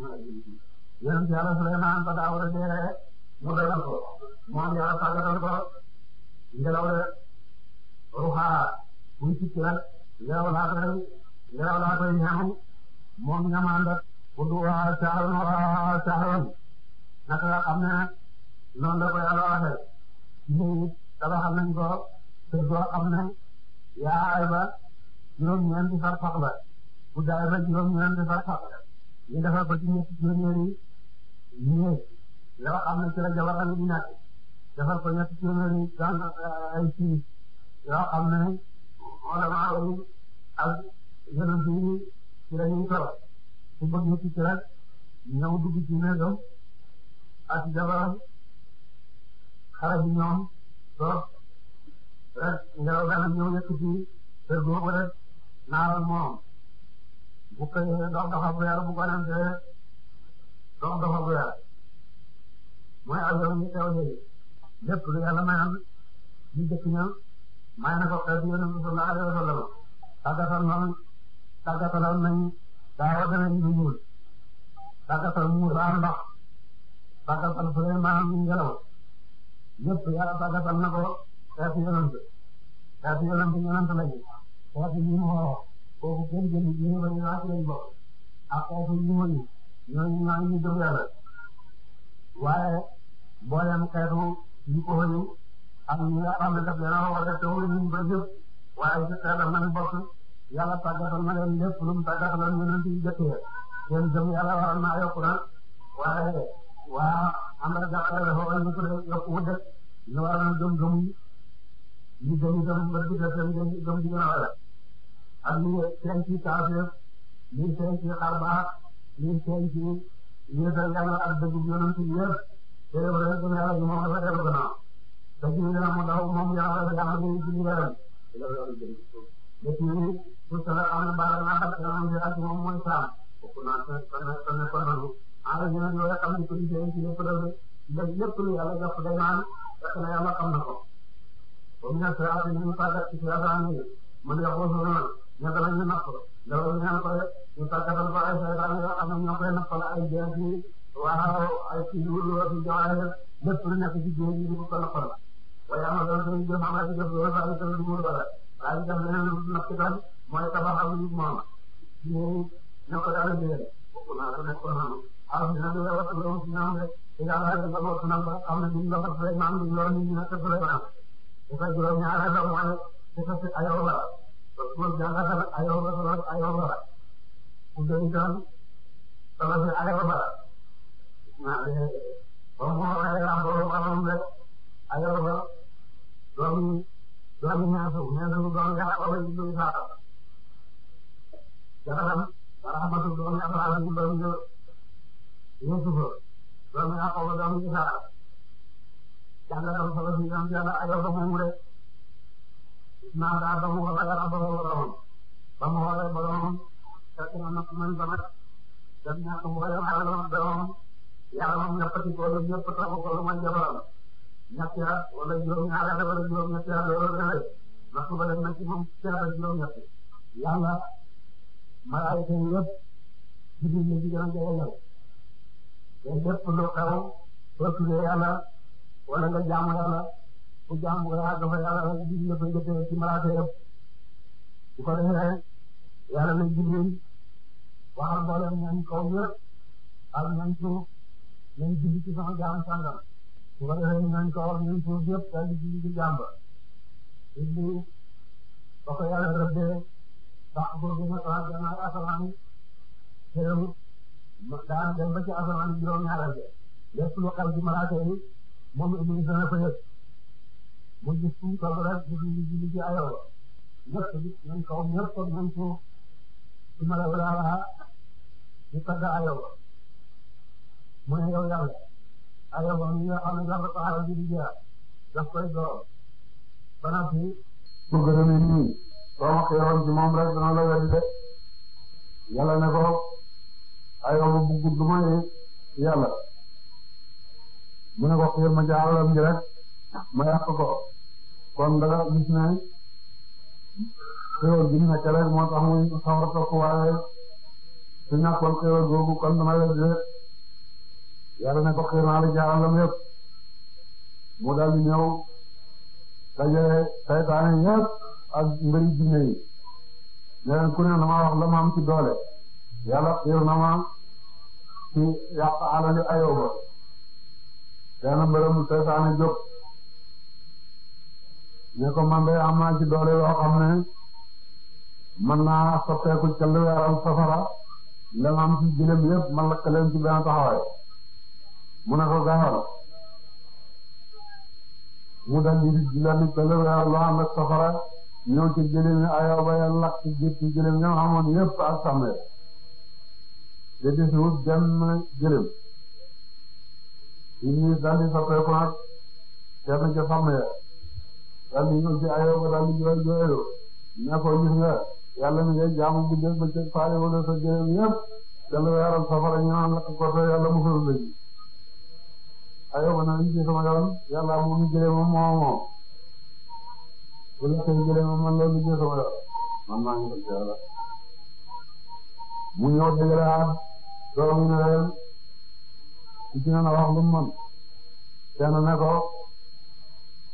yonent yàlla Suleymaan ba daa war a dee mu dogal ko moom yàlla fàggatal ko ngelaw la ruxaa buy sikkal ngelaw laa koy ngelaw laa koy ñamu moom ñamaan la udduhaa shahran wara'aa shahran naka nga xam ne noonu la ko yàlla waxee ñun tabaxal nañ ko kër goo xam ne yaa ay ba juróom-ñeenti farfax la bu daay ba juróom-ñeenti farfax la ñu defal ko ci ñetti téeméeri lii la xam ne ci la jabaram di nekk defal ko ñetti téeméeri daan ay ci yoo xam ne ulama yi ak yonent yi ci la ñuy toll su bëgg ñu ci rek ñëw dugg ci néegam ak jabaram xale bi ñoom toog rek ngelaw dana ñëw yëkk ci kër googu rek naaral moom bu koy dox doxam weer bu ko nantee soxam dafa bu yàlla mooy alal ñu teew léegi lépp lu yàlla mayoon ñu jëkk ña may ko xeetu yonent bi sallallahu alayhi wa sallam tàggatal noonu tàggatal nañu daaw danañ lu ñuul tàggatal Muusaa ndox tàggatal Suleymaan ngelaw lépp yàlla tàggatal na ko xeetu yonent xeetu yonent yonent lañu xeetu yi mu xooloo kooku kenn jënd jiw ba ñu laaj lañ bokk yi ñooñu ñoo ngi ñu gëm yàlla waaye mboolem xeetu yu ko xëy ak ñi nga xam ne daf leen a war a def te wala ñu ba jëf waaye ci xeetam nañu bokk yàlla tàggatal na leen lépp lu mu tàggataloon ñu leen di jëkkee seen gëm yàlla waral naa yokku na waaye waa am na gàllankoor dafa war a ñu ko yokku wu def ñu waroon a gëm gëm ñu gëm itam ba di def seen gëm gëm di gën a wala ak ñu seen ci kaafir ñu seen ci xar baax ñu tey ci yéegal yàlla ak dëgg yonent yëpp te yow rek yàlla ñu moom dafa dellu gannaaw te ci yéen a mu daw moom yàlla dafa yàlla ñu ci leeral lépp yi pour que am na baal naa ak am na ak moom mooy saam bokk naa sa sa sa ne ko nanu ala ñu ñu rek am na ko liggéey ci lépp dafa da lépp lu yàlla jox day naan fekk na yàlla xam na ko ba mu nekk saa ñu fàggat ci saa saa ñu mën yàqoo sa ñu danañu napp loolu ñu naan ba ñu tàggatal ba ay saytaan yoo xam ne ñoo koy nappal ay jeex yi waaw ay kii yu war di joxe lépp lu nekk ci géej gi di ko nappal waaye am na loolu dañuy jëf am na ci jëf loolu daal di def lu mu wala daal di def leneen napp daal mooy tabax ak lu moom ñu ne ko daal di leen bokk naa la nekk ko noonu alors dina dina wax loolu si ñoom rek dina la rek loolu si ñoom rek xam ne ñu ngi ko fay maam ñu yor ñu ñu nekk su lay maam dafa juróom ñaareel la mooy dafa si ayoo la moom daanaka ayoo ayoo ayoo bara bu dee doon soxla si ayoo bara maa ngi moom moo waxee laa boobu xamoon ne ayoo bara doomu doomu ñaatu ñaatu doomu yàlla ba bëri lu saara jaxasam rahmatu doomu yàlla ba bëri lu yusufu doomu yàlla ba doomu saara jàngatam soxla si yoon yàlla ayoo ba mu wure naa daa ba mu xoolee daa ba mu xoolee ba mu xoolee boroom fekk na nag man ba nag dem naa ko xoolee xaaral ma boroom yàlla moom ñëppati ko wala ñëpp taxu ko lu may jabaram ñetti at wala juróom-ñaari at wala juróom-ñetti at loolu la lay ndax su ko def nag ci moom teelal juróom-ñetti yàlla malaayika yi yëpp jigéen ñi jigéen ak jafe-jafe te lépp lu xew soo tuddee yàlla wala nga jaamu yàlla ku jaamu yàlla dafa yàlla rek la koy jotee ci malaaka yëpp bu ko defee yàlla na Jibril waxal mboolem ñoom kaw yëpp ak ñoom suuf ko defee ñoom kaw ñoom suuf yëpp daal di julli ci ba Jibril ba ko yàlla rëbbee baax ko gën a tawaat gannaaw asamaan teew daan dem ba ci asamaan juróom-ñaaral lépp lu xel ci malaaka yi mu gis suñ ko wala di di di ayoo ñëpp gis nañ ko ñëpp nañ ko su ma la wala ñu tagg ayoo mu ne yow yàlla ayoo mi nga xam ne dafa ko ayoo di di jaar daf koy door ba naa fi su gërëmee nii boo ma xeeroon ci moom rek dana la wedd de yàlla ne ko ayoo bu bugg lu may yàlla mu ne ko xiir ma jaaral am ji rek ma yàq ko kon dara gis na xéwal bi ñu nekk rek moo tax muy xaw a topp waaye su ñàkkoon xéwal googu kon dama lay def yàlla ne ko xëy naa la jaaram yëpp mu daal di ñëw dajale saytaane yëpp ak mbëri jinne yi ne leen ku ne dama la ma am ci doole yàlla xëy na ma ci yàq alali ayoo ba. benn mbërëm saytaane jóg. ne ko man de am naa ci doole yoo xam ne man naa soppeeku ca lu weeral safara la ma am ci jëlem yëpp man lakk leen ci benn mu ne ko gaawal mu dal di di la nit lu weeral loo safara ñëw ci jëlem yi ayoo ba ya lakk ci jëlem ñoom amoon yëpp ak sàmmee te des wut benn jëlem yi ñuy dal di soppeeku nag kenn ca sàmmee daal di ñëw ci Ayoba daal di jooy jooyoo ne ko gis nga yàlla mi ngay jaamu bu dee ba ca faale wala sa jërëm yëpp yàlla weeral safara ñu naan lakk ko te yàlla mu xël la ji Ayoba na li ci sama yoon yàlla moom jëlee moom moo moo bu la koy jëlee moom man loolu li ci sama yoon man maa ngi def yàlla mu ñëw dëgëre aat doom yi ne leen ci na wax lu mu mën kenn ne ko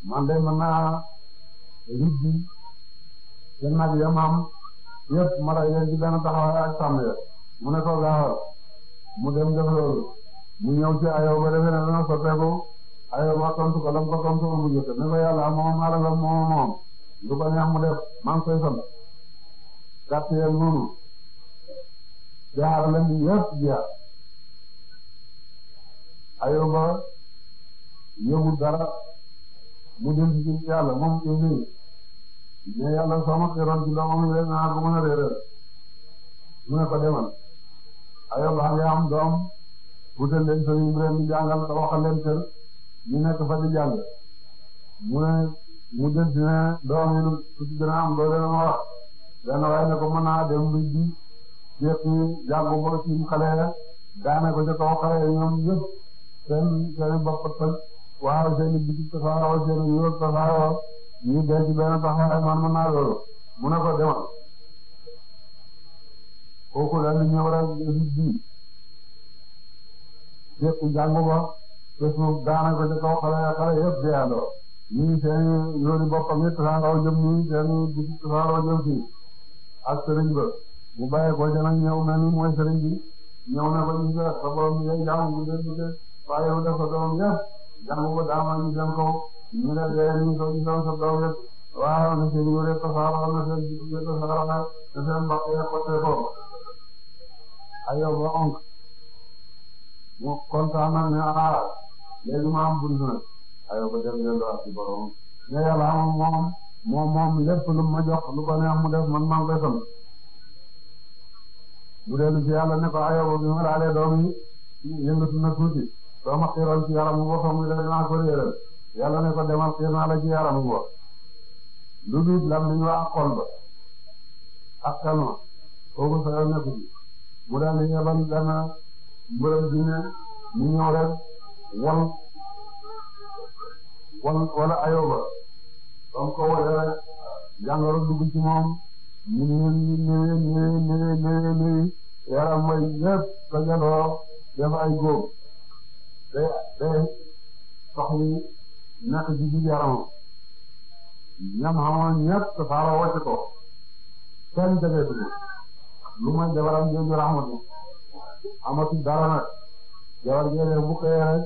man de mën naa rëdd seen nag ya ma am yëpp ma mu ne ko gaawal mu dem def mu ñëw ci ayoo ba defe ne dana soppeeku ayoo ba tontu ko lam ko mu jëkk ne ko moom alalam moom moom lu ko neex mu def maa ngi koy sant gàtt yéen noonu jaar dara. mu jëm ci ci yàlla moom ñu ngi mais yàlla soo naa ko mën a mu ne ko demal aywa xam am doom wutal leen sëriñ bi leen di jàngal te kër ñu nekk fa di jàng mu ne mu jëm ci ne doom yi lu ci gën a am doole ma wax benn waaye ko mën dem lu ji jëkk jàngu ko ci xale ko ca kaw xale ñoom yëpp seen seen bopp waaw seeni bitig tasaaroo seeni ñuul tasaaroo ñu denc benn taxawaay man mën naa loolu mu ne ko demal kooku daal di ñëw rek di di yëpp jàngu ba te su daanaka ci kaw xale xale yëpp dee àndoo ñii seeni ñooli boppam yi tasaaroo jëm nii seeni bitig tasaaroo jëm fii ak sëriñ ba mu ko ca nag ñëw ni mooy sëriñ bi ñëw na ba ñu sa borom bi ngay jaamu mu dee mu dee waaye mu def ko doom yëpp jàngu ko daamaa ñu jëm kaw ñu ne leen ñu ngi ko ñu doon soog a wér waaw na seen yore tasaaroo na na seen mbokk yi ak côté boobu. onk mu kontaan na ne ah léegi ma am ba dem leen loo ci borom ne yàlla moom moom moom lu ma jox lu ko neex mu def man maa ngi koy bu dee lu ci yàlla ne ko aywa bi ma laalee doom yi yëngatu na tuuti. soo ma xiiroon ci yaramu boppam bi de dinaa ko réeral yàlla ne ko demal xiir ci yaramu bopp lu dul lam li ñu ak kalma kooku sa yoon nekku mu daal di dana mbërëm dine mu ñëw wal wala ayoba comme ko wala rek jàngoro ci moom mu ñëwee ñëwee ñëwee ñëwee ñëwee yaram way yëpp sa jaloo def ay góob day day soxla ñàkk ji ji yaramam ñam xamoon ñëpp safaara wàcc ko kenn dëgg lu may jabaram jooju rahmatu amatul dara nag jabar jooju bu xëyee rek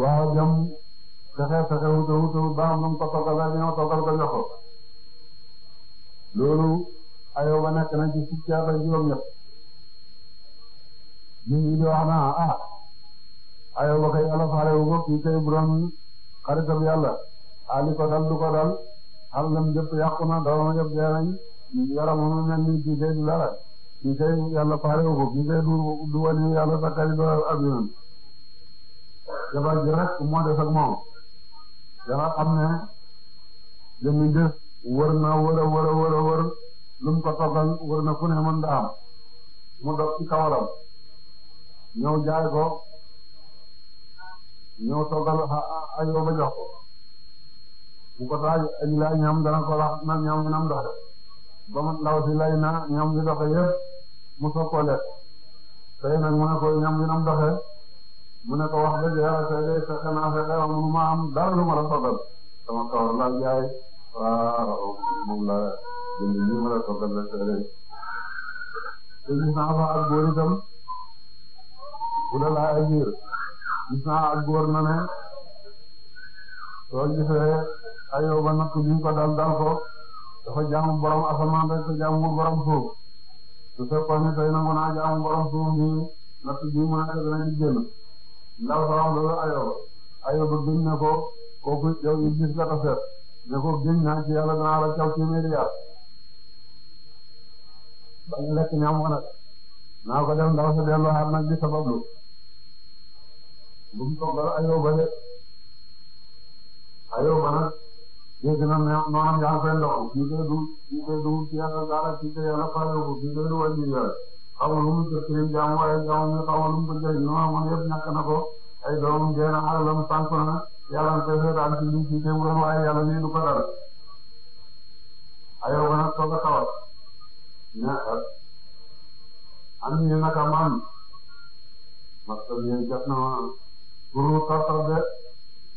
waaw jam fexe fexe wuute wuute ba am lu mu ko toggal rek ñëw toggal ko jox ko loolu ayoo ba nekk nañ ci fukki at ak juróom-ñett ñu ngi di wax naa ah. ayoo ba ko yàlla faale wu ko kii kay buroom xaritab yàlla dal du ko dal xar lam jëpp yàqu na doomam yëpp dee nañ yaramam mel ni kii kay du dara kii kay wu ko kii du du wali yàlla sa kari abinan jabar ji rek moo des ak moom yàlla xam ne li muy def na wër a wër a wër ko toggal wër na fu ne mën mu dox ci kawaram jaay ko ñëw toogal Ayuba jox ko bu ko taaj ilaa ñoom dana na ñoom nam doxe ba mu ndaw si lay na ñoom di doxe mu soog ko lekk tey mu ko ñoom di nam mu ne ko wax dëgg yàlla tey de fexe naa fexe wa mu ma am dara lu ma la toogal sama kawar laa jaay waaw moom la jënd ma la toogal la tey de te gis naa fa ak góor la laa ay gis naa ak góor na ne soo gisee Ayoba ko dal dal ko jaamu borom asamaan rek jaamu borom suuf su fekkoon ne tey nangu jaamu borom suuf nii natt bii mu nekk dana ci génn ndaw sa wax loolu Ayoba Ayoba gëñ ko kooku yow yi gis nga taseet ne ko naa ci yàlla danaa la caw lekk ñam ko naa ko def ndaw sa delloo xaar nag di sabablu bu mu toggal ayóoba de ayóoba nag dégg na noonam yaa ngi koy ndox ñu koy dugg ñu koy dugg ci yàlla dara ci te yàlla fayobu ñu koy dugg wàññi yàlla xamul lu mu jëkkëri jàmm waaye jàmm mi xamul lu mu ko jëriñ ñoo amoon yëpp ñàkk na ko ay doomam dee na alalam sànq na yàlla nga koy seetaan ci liñ ci teewuloon waaye yàlla nii du ko dara ayóoba nag soog a tawat ñaar am ñu naka man parce que yéen jot na pour mu tartar de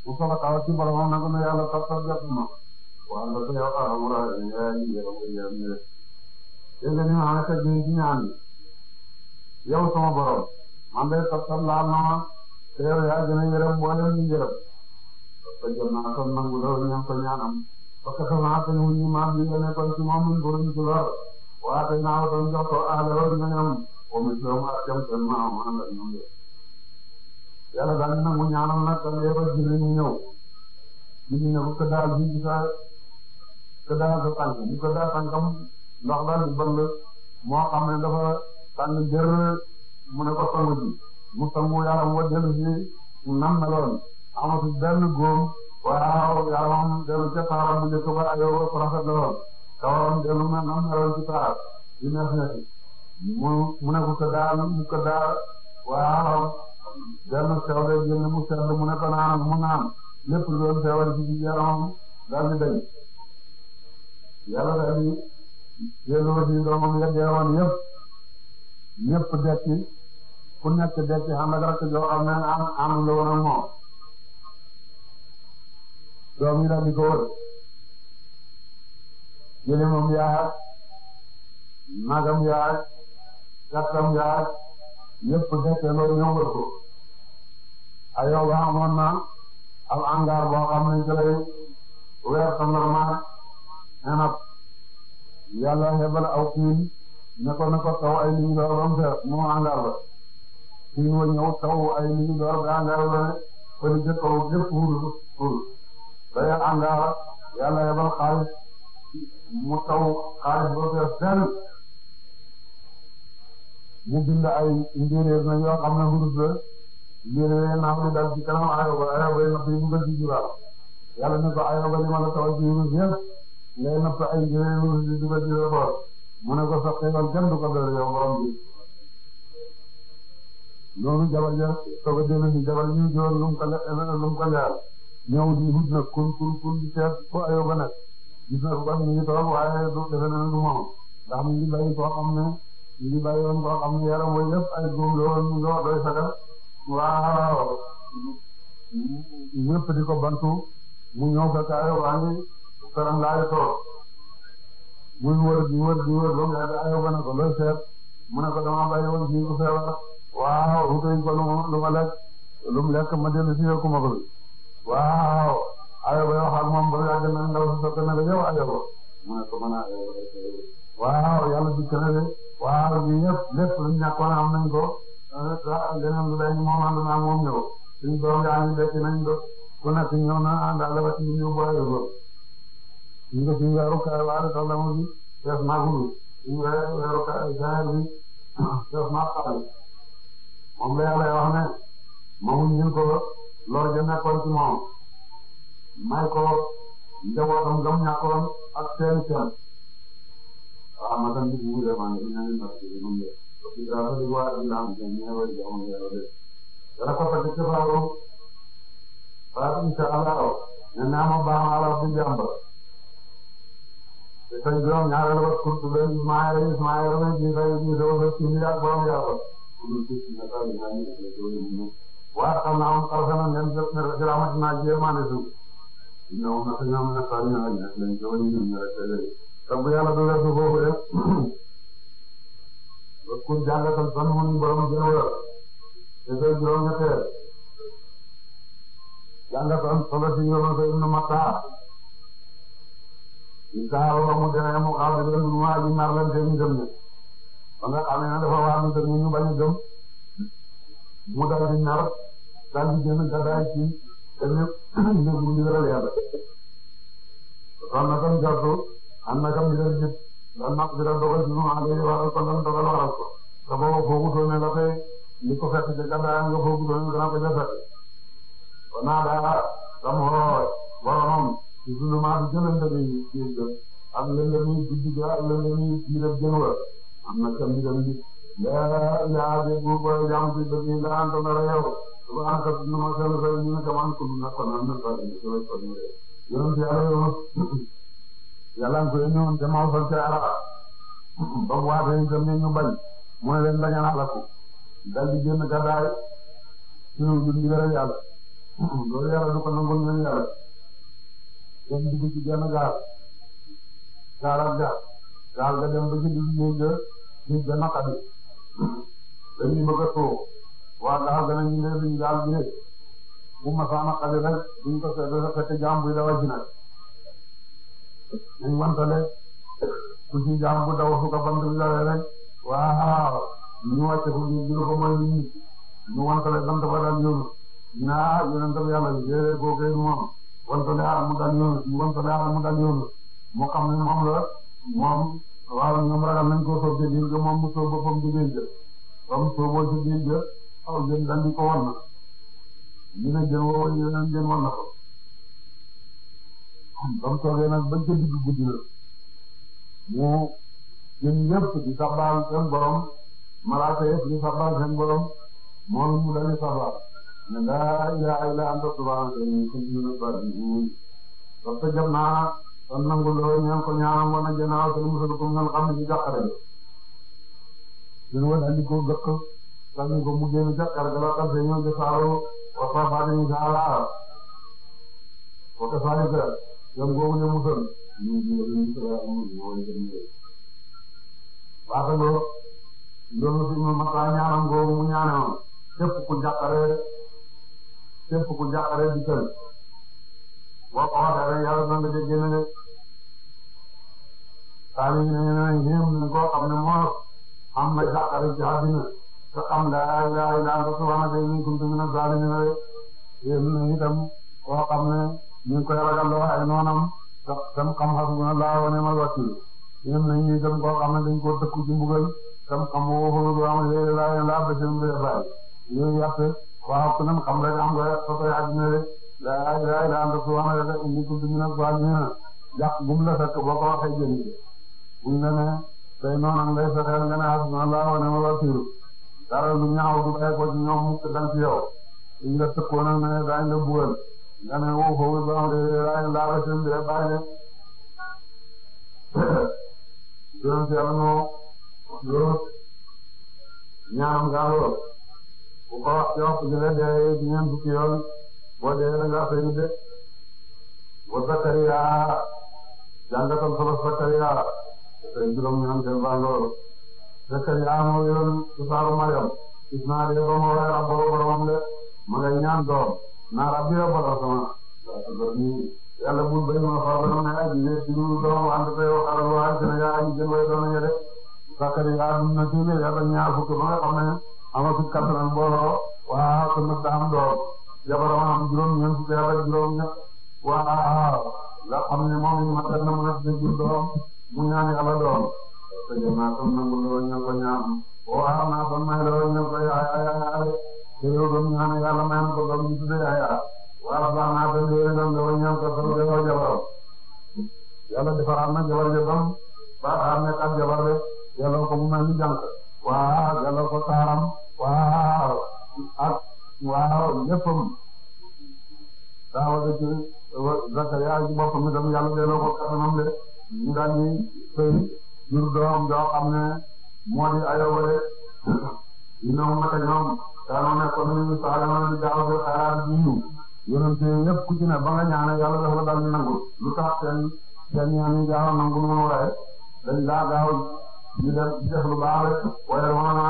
mu soxla xaw ci boromam nag ne yàlla tartar jot na wala te yow xaaral mu raadu ñu yaay ñu yaram ñu yaram ñu rek. dégg nga ni maanaam fekk nañu ci ñaan yi yow sama borom man de tartar laal na ma te yow yaa gën a yaram mboolem ñu yaram parce que jot naa ko nangu loolu ñoom ko ñaanam parce que sama seen wuñ ñu maam ñu nga nekkoon ci moom ñu bëriñ ci lor waaye tey naa ko doon jox ko aale loolu ñu ñam wa mislahu ma jëm seen maam maanaam ñoom de. yàlla daal di nangu ñaanam nag daal di yebal jinne ñu ñëw ñu ne ko daal di gisaa ko daal sa tànk ñu ko daal tànkam ndox daal di bëll moo xam ne dafa tànn jër mu ne ko sangu ji mu sangu yàlla mu dellu si nam meloon amatu benn góom waaw yàlla moom dellu ca taaram bu njëkk ba ayoo ko rafet la woon kawaram dellu na nam meloon ci taar di neex neex mu mu ne ko daal mu ko daal dellu sew de génn mu sell mu ne ko naanam mu naan lépp lu doon feewal ci ci yaramam daal di dañ yàlla daal di delloo ci doomam ya deewoon yëpp yëpp dekki ku nekk dekki xam ak rakk joo xam ne am am la woon ak moom doom yi daal di ko wër jëlimam yaay magam yaay kattam yaay yëpp dekke loolu ñëw wër ko ayoo ba amoon na ab angaar boo xam ne jëlay weer sa normal nee na yàlla hebal ne ko ne ko taw ay liñ door ba angaar ba xiin wa ñëw taw ay liñ door ba angaar ba ne ko di jëkkaw gépp wuru wuru day angaar yàlla hebal xaalis mu taw xaalis ba feer mu bind ay indireer na yoo xam ne léeg-léeg naaf mi dal ci kanam Ayoba Ayoba yi napp yi mu bëgg ci waaw yàlla ne ko Ayoba li ma la tawal ci yurus yëpp ngay napp ay yurus yi dugal ci sa boor mu ne ko sa xéewal kenn du ko doon yow borom loolu ja soo ko jëlee ni jabal ñu joor lu mu ko leer lu mu ko leer ñëw di kun kun kun di seet ko Ayoba nag gis na ko ñu ngi toog waaye du defe na du moom ndax mu ngi bàyyi koo xam ne mu ngi bàyyi woon koo xam ne yaram wa yëpp ay góob la waaw ñëpp di ko bantu mu ñëw ba ayoo ba andi këram laay toog wër di wër di wër ba mu yàgg ayoo ko looy seet mu ne ko dama bàyyi woon fii ku feebar waaw wutuñ ko lu lu ma lekk lu mu lekk ma dellu si yokku ma ko waaw ayoo ba wax ak moom na ko mën waaw yàlla dikk na de waaw lii yëpp lépp lu ñàkkoon am leneen lu lay moom ànd naa moom ñëw suñu doom yaa ngi béy nañ ko ku nekk ñëw na ànd àll ba ci ñu boole ko ñu ngi suñu weeru kaay waaye sax dama ji def naa gudd suñu weeru kaay jaay bi def naa xaral moom la yàlla wax ne moomu ñu ko lor ja nekkoon ci moom may ko njabootam gam ñàkkoon ak seen seen waaw ma tam nit mu de maa ngi ñaan dana ko fekk ci faarum faarum ci alaw ne naa ma baax ma alaw bu njàmbar te sañ doom ñaareel ba kurtu leen maaya yi maaya rame ji ray ji doon sa ci miliyaar borom yàlla kudu ci ci na taal yaa ni ne doon yi mu waa xam naa am xarfe na ngeen jëf ne rama ci naa jee maa ne su ne um na sa ñoom ne taal yaa ni ne leen joon yi ne rek te bu yàlla du weesu boobu de ku jàngatal fan mu ni borom gën a wér te tey juróom nga teel jàngatal solo si yoon sa ibnu Matta in saa woo mu demee mu xaw a dem mu aji nar leen te ñu gëm ñu ba nga xam ne dafa waa ñu gëm ñu bañ a gëm mu dal di nar dal di génn gàddaay ci te ñëpp ñu ndigal yàlla kon na kam jàpp am na kam ndigal loolu nag dina dogal ci moom alayhi waral ko dana dogal waral ko te booba foogutoon ne la koy li ko fekk ci gàddaayam nga foogutoon ne dana ko jëfee kon naa daa tam xooloo boromam ci zulmaat bi gën a ndëgëy ci yëngam ak lëndëm yi guddi ga ak lëndëm yi biirab jën wa am na tam itam bi yaa yaa dégg bu booy jàmm ci dëkk yi daa antam dara yow subhanaka nu ma seen sa ñu ne kaman kunna konan na sa ñu ko ñu yonent yàlla yow yàlla nga koy ñëwoon te maa fal ci arafa ba ne ñu bañ mooy leen da ngeen alaku dal di génn gàddaay suñu jur gi dara yàlla loolu du ko nangul ngeen yàlla dem dugg ci genn gaal gaal ak gaal gaal ga dem ba ne duñ gaal bu ma saama xadi rek duñ ko seetlu rek fekk dañu wantale ku ci jaam daw fu ko bant bi dawee rek waaw ñu wàcce ko ñu jël ko mooy ñu ñu wantale bant ba dal yoonu naa yonent bi yàlla yéere koo koy moom wantale xaar mu dal ñu wantale mu dal yoonu mu la moom waaw ñoom ragal nañ koo soob jël ga moom mu soob boppam ci géej ga ba mu sooboo ci géej ga aw jën dal di ko ñu ne ba mu toogee nag ba ca digg guddi la mu ñun ñëpp di sabbal seen borom malaaka yëpp di sabbal seen borom moom mu dañuy sabbal ne laa ilaaha illa anta subhaanaka inni kuntu minaz zaalimiin parce que jot naa te nangu loo ñaan ko ñaanam wana janaaw te mu sëlu ko ngeen xam ne ci jàkkare la seen wala andi ko gëkk sànni ko mu génn jàkkare ga la xam ne ñoo jëfaaloo wa fafaani insa allah wa yoon boobu ñu musoon ñu mu ñaanoon képp ku jàqare képp ku jàqare di tël boo ko waxee rek yàlla na nga déggee na ne taali na yéem nañ koo xam ne moo am na jàqare ci àddina laa ilaaha illa anta subhaanaka innii kuntu na ñu ngi koy ragal loo ay noonam tam tam xam hasbunallahu wa ni'mal wakiil yéen nañ ñu gëm koo xam ne dañ koo dëkku ci mbugal tam xam woo ko lu am léegi laa yéen laa bëccëg mbir baay yooyu yàq waaw ku ne xam rek am nga soo koy àddina rek laa ilaha illa anta subhanaka inni kuntu minaz zaalimiin yàq gum la fekk boo ko waxee jënd buñ la ne tey noonam ngay fexeel nga ne hasbunallahu wa ni'mal wakiil dara lu ñaaw du bàyyi ko ci ñoom mukk dañ ci yow ñu la tëkkoon ak ne daañu la bugal nga ne moom foofu ba xam ne daal laa ba seen biir baax na jërëm si yàlla moo lool ñaanam ngaa lool bu ko jox ci la dee ñeent fukki yoon boo dee da ngaa fay de wa Zakariya jàngatal solo Zakariya te juróom ñu am seen baax lool Zakariya moo yoroon su saaru Mariam gis naa de ba ma wér ak borom boromam de ma ngay ñaan doom na rabbi ya bala sama yàlla bul bañ ma xaw ba ne aji ne ci ñu doon ànd koy waxal waa Sénégal aji jël way doon ya de sakari ya dum na tuule yàlla ñaar fukk ba nga xam ne amatul kattan mbooloo waa ko na daam doom jabaram am juróom ñeent fukk yàlla juróom ñett waa la xam ne moom it matal na mu nekk jël doom mu ñaan yàlla doom te jël naa tam nangu loo ñëw ko ñaan waa naa ko may loo ñëw ko yaay te yow ba mu ñu xamee yàlla may na ko ba mu ñu tuddee ay arab waaw baax naa benn yéen a ngi ñaan ko sama jabar jabaram yàlla defaraat na jabar jabaram baaxaat na kat jabar de yàlla ko mu mel ni jànk waaw yàlla ko taaram waaw ak waaw léppam daaw da ci Zakariya ci boppam itam yàlla delloo ko kattanam de ñu daal di fay jur doom joo xam ne moo di ayoo ba de ñu ne moom naka ñoom. daanoo nekkoon nañu Saalama di daaw ba xalaat bu ñëw yonent ñëpp ku ci ne ba nga ñaanal yàlla dafa la dal nangu lu tax seen seen ñaan yi gaaw a nangu moom waaye dañ daa gaaw ñu def def lu baax rek waaye lu ma ma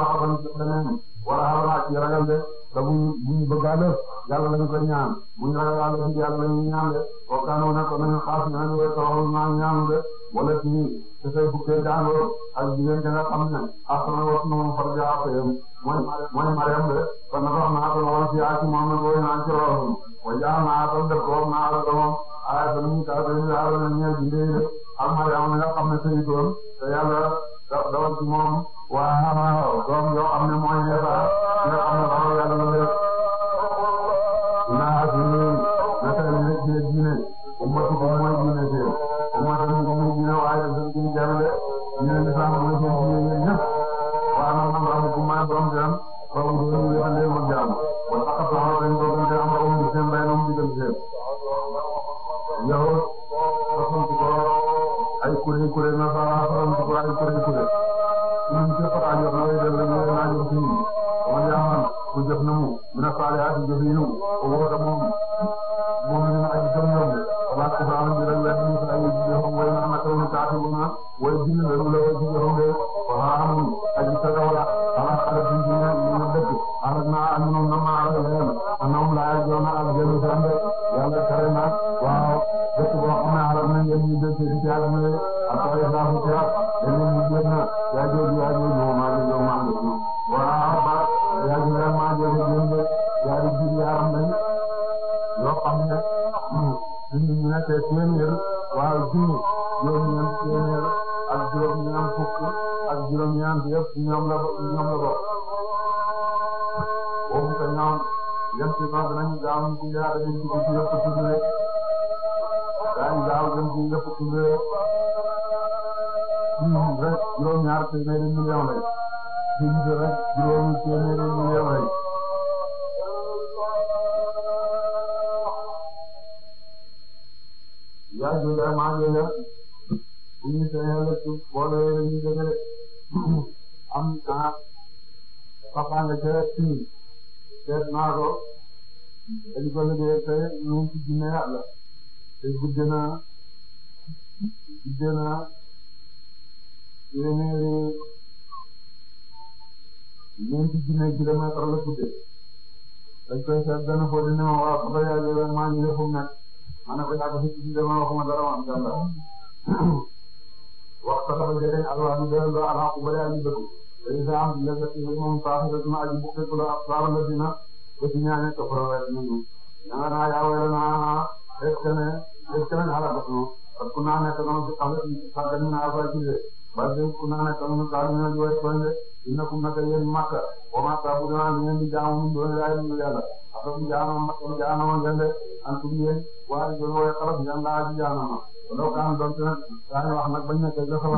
wax ak beneen wala awra ci ragal de te buñ buñ bëgg a def yàlla lañ ko ñaan buñ ragal a def yàlla lañ ñaan de kooku daanoo nekk nañu xaas ñu ne ñu toog naa ñaanu de wala ci te say bukkee daanoo ak jigéen nga xam ne asana wax noonu farja afeem mooy mooy mariam de kon nag wax naa ko lool ci ak moom nag wooy naa ci lool waaye jaa naa ko def ko naa la ko moom ay fa ñu taa dañu daal na ñee jigéen ak mariam nga xam ne sëy doon te yàlla da dawal ci moom waaw waaw doom yoo xam ne mooy di ko liggéey tey ñun ci ginne yàlla te gudde na gudde na téeméeri ñun ci ginne kilomètre la gudde dañ koy seet benn foo di ne ma waa ko yaa ngi leen maa ngi leen fu mu ma ne ko yaa ko si gisee ma waxuma dara ma am jàll waxta dafa jëriñ alwaa bi delloo alaa ku bëri aji bëgg te li saa am léeg-léeg moom saa si rek ma aji la ab saa la dina ba ci ñaanee ko problème ñu janganaa yaa waylanaa eskene eskene ala basnu qad kunnaa nekkoon fi naa fa jile bal de kunnaa nekkoon zaalimiina di way tooñ de innakum naka wa ma ta'buduna li ngeen jaamu min doon laay mu yàlla afakum jaanama jaanama ngeen de antum yéen waa di doon way xalaf ngeen laa di jaanama law kaan a seen yàlla law maa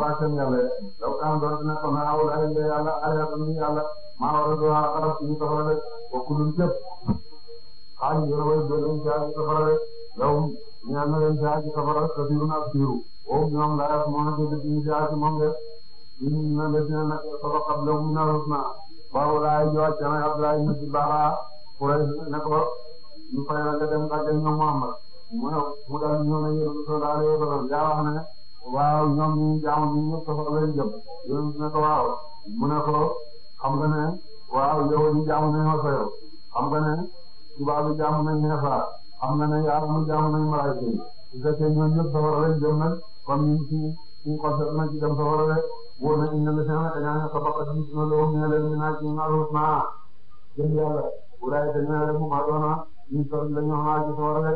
war a doon xalaf suñu soxla de wa xaaj yéen e a may delluñ yow ñaan na leen caa ci safara te siiru na ak siiru boobu ñoom laaj moo nekk di suñu caa ci moom rek ñu na leen dina nekk solo xam a mu narus naa waaw laay jox ca may Abdoulaye ñu ci baaxaa pour ne ko la nga dem nga dem ñoom Muhammad mu ne mu na yéen soo daal yoo xam yaa wax ne waaw ñoom ñu jaamu ñu ñëpp safara lañ jëm yéen ne ko waaw mu ne ko xam nga ne waaw yow ñu jaamu nañoo sa yow xam nga ne tubaab bi jaamu nañu neefare xam na ne yàlla mu jaamu nañu malaaka yi su fekkee ñoom ñëpp safara lañ jëm nag comme ni ci ci xol na ci dem safara rek wóor na ñu ne la seen rek ñaanal sabaqat bi suñu loolu ñu ne leen ñu naan ci ñaar naa jëm yàlla walaay maa doon ah, naa ñu sol la ñu xamaa ci safara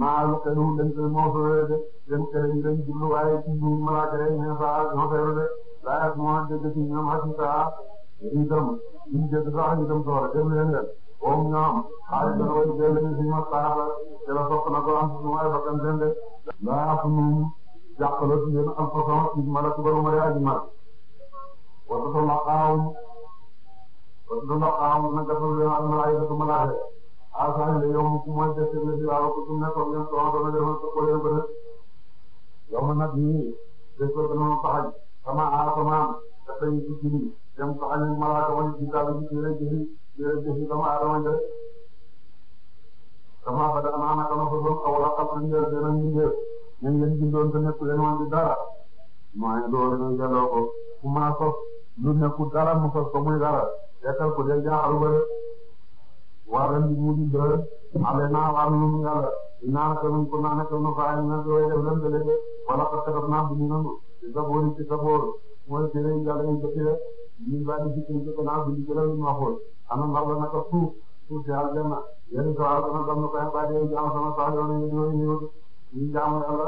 maa lu xëy wu dañ koy moosoo de dem këriñ dañ jubluwaay ci biir malaaka yi ñu ne saa ñoo koy de saa yàgg moo dégg ci ñoom ak saa ñu dem ñu dégg sax ñu dem door dem leen leen moom ñoom xaalis dana koy jëlee ci ma saa la te la sopp na ko am su ma ay bakkan seen de. laa fi ñu jàppale ci yéen am façon ci mala ci borom rek aji mala wala sa laqaaw wala sa laqaaw nag dafa leen ak malaaka alxames yi yow mooy des na si waaw su nekkoon ngeen soxla dana demal soxla ko def yow man nag nii des ko dana ma faxal sama aar sama am dafa ñu ci jëriñ dem faxal ñu malaaka ma ci daal di jëlee jëfi jëlee jëfi sama aadama njëriñ sama abada ma naka ma fa doon aw la xam nañ leen danañ liggéey ñu ngi leen bindoon te nekk leen woon di dara mooy loolu ñu jëloo ko fu ma sos lu nekkul dara mu sos ko muy dara yekkal ko de jaaxal ko de. waral li mu di dër ale naa war nañu yàlla naa la gënoon pour naa nekk na faa ñu ne looy def leen bële wala parce que daf naa bu ñu nangu ci sa boori ci sa boor mooy tere yàlla yi ba tere ñu ba di ci ñu ko naa bu ñu jëlal ñu waxoon ana ndaw la naka suuf suuf si aljanna yéen sa aljanna dam na koy ba dee jaam sama saa yoon yi ñooy ñëw ñu jaamu yàlla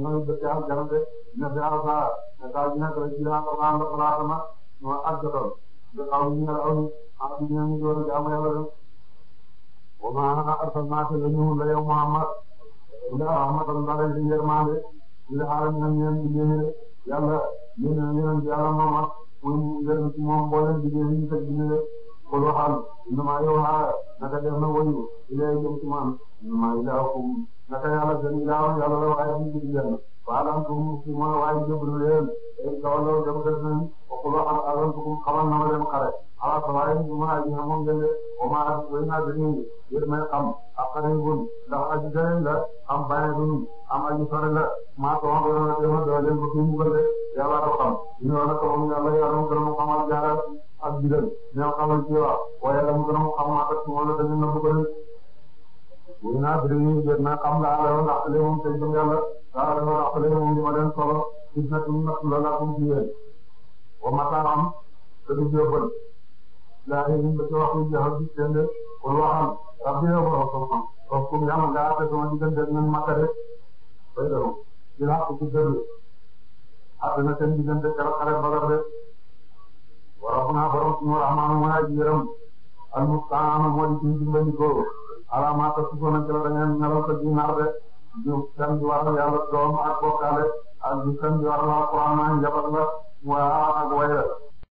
ñooy dëkk aljanna de ne fi alsa ne daal dina ko ci la ko la ko la ma ñu àggatal de aw ñu ne aw ñu ak ñu ñu door jaamu yàlla wa maa arsalnaaka lañu la yow Muhammad illaa rahmatan lil aalamiin yërmande lil aalamiin yàlla yéen a yéen yàlla Muhammad muy yéen ci moom mboolem bi ñu teg bi ñu ko waxal innamaa yow ha naka def na woyu ilay jëm ci man innamaa ilaahukum naka yàlla seen ilaah yàlla la waaye waalaan tuum si mooy waaye jëblu leen ay gawlo dem def nañ waxuloo xam alal tukum xamal na ma leen xare ala sawaay ñu mën a ji moom ngeen de omaa way naa dañuy yéen may bun ndax aji gëneñ la am bàyyi duñ am aji sore la maa toog dana dama doy leen ba fi mu bëgg yàlla ko xam ñu ne mu gën a xamal jaara ak bidal ñoo xamal ci waa mu gën a xamal ak moom la dañu na muy naa bëri jot naa xam laa la ndax li moom tey jëm yàlla laa la ndax li moom li ma leen solo gis na fi mu ndax la laa ko ci yéen wa mataaram te du jébbal laa yéen ba ci wax ñu jeexal gis seen de kon waxal rabbi yow ba wax sama donc comme yàlla ngaa te sama diggante ak ñun makkare bay dëru di laa ko ci dëru àddina seen diggante keroog xare bagar de wa rabbuna borom suñu rahmaanu mooy aji yërëm al mustaanu moo di suñu dimbali ko alamaa te suufoo na ci la da ngeen melal ko ji nar de ju seen ji waral yàlla doom ak bokkaale ak ju seen ji waral alquran njabat la waa ak way la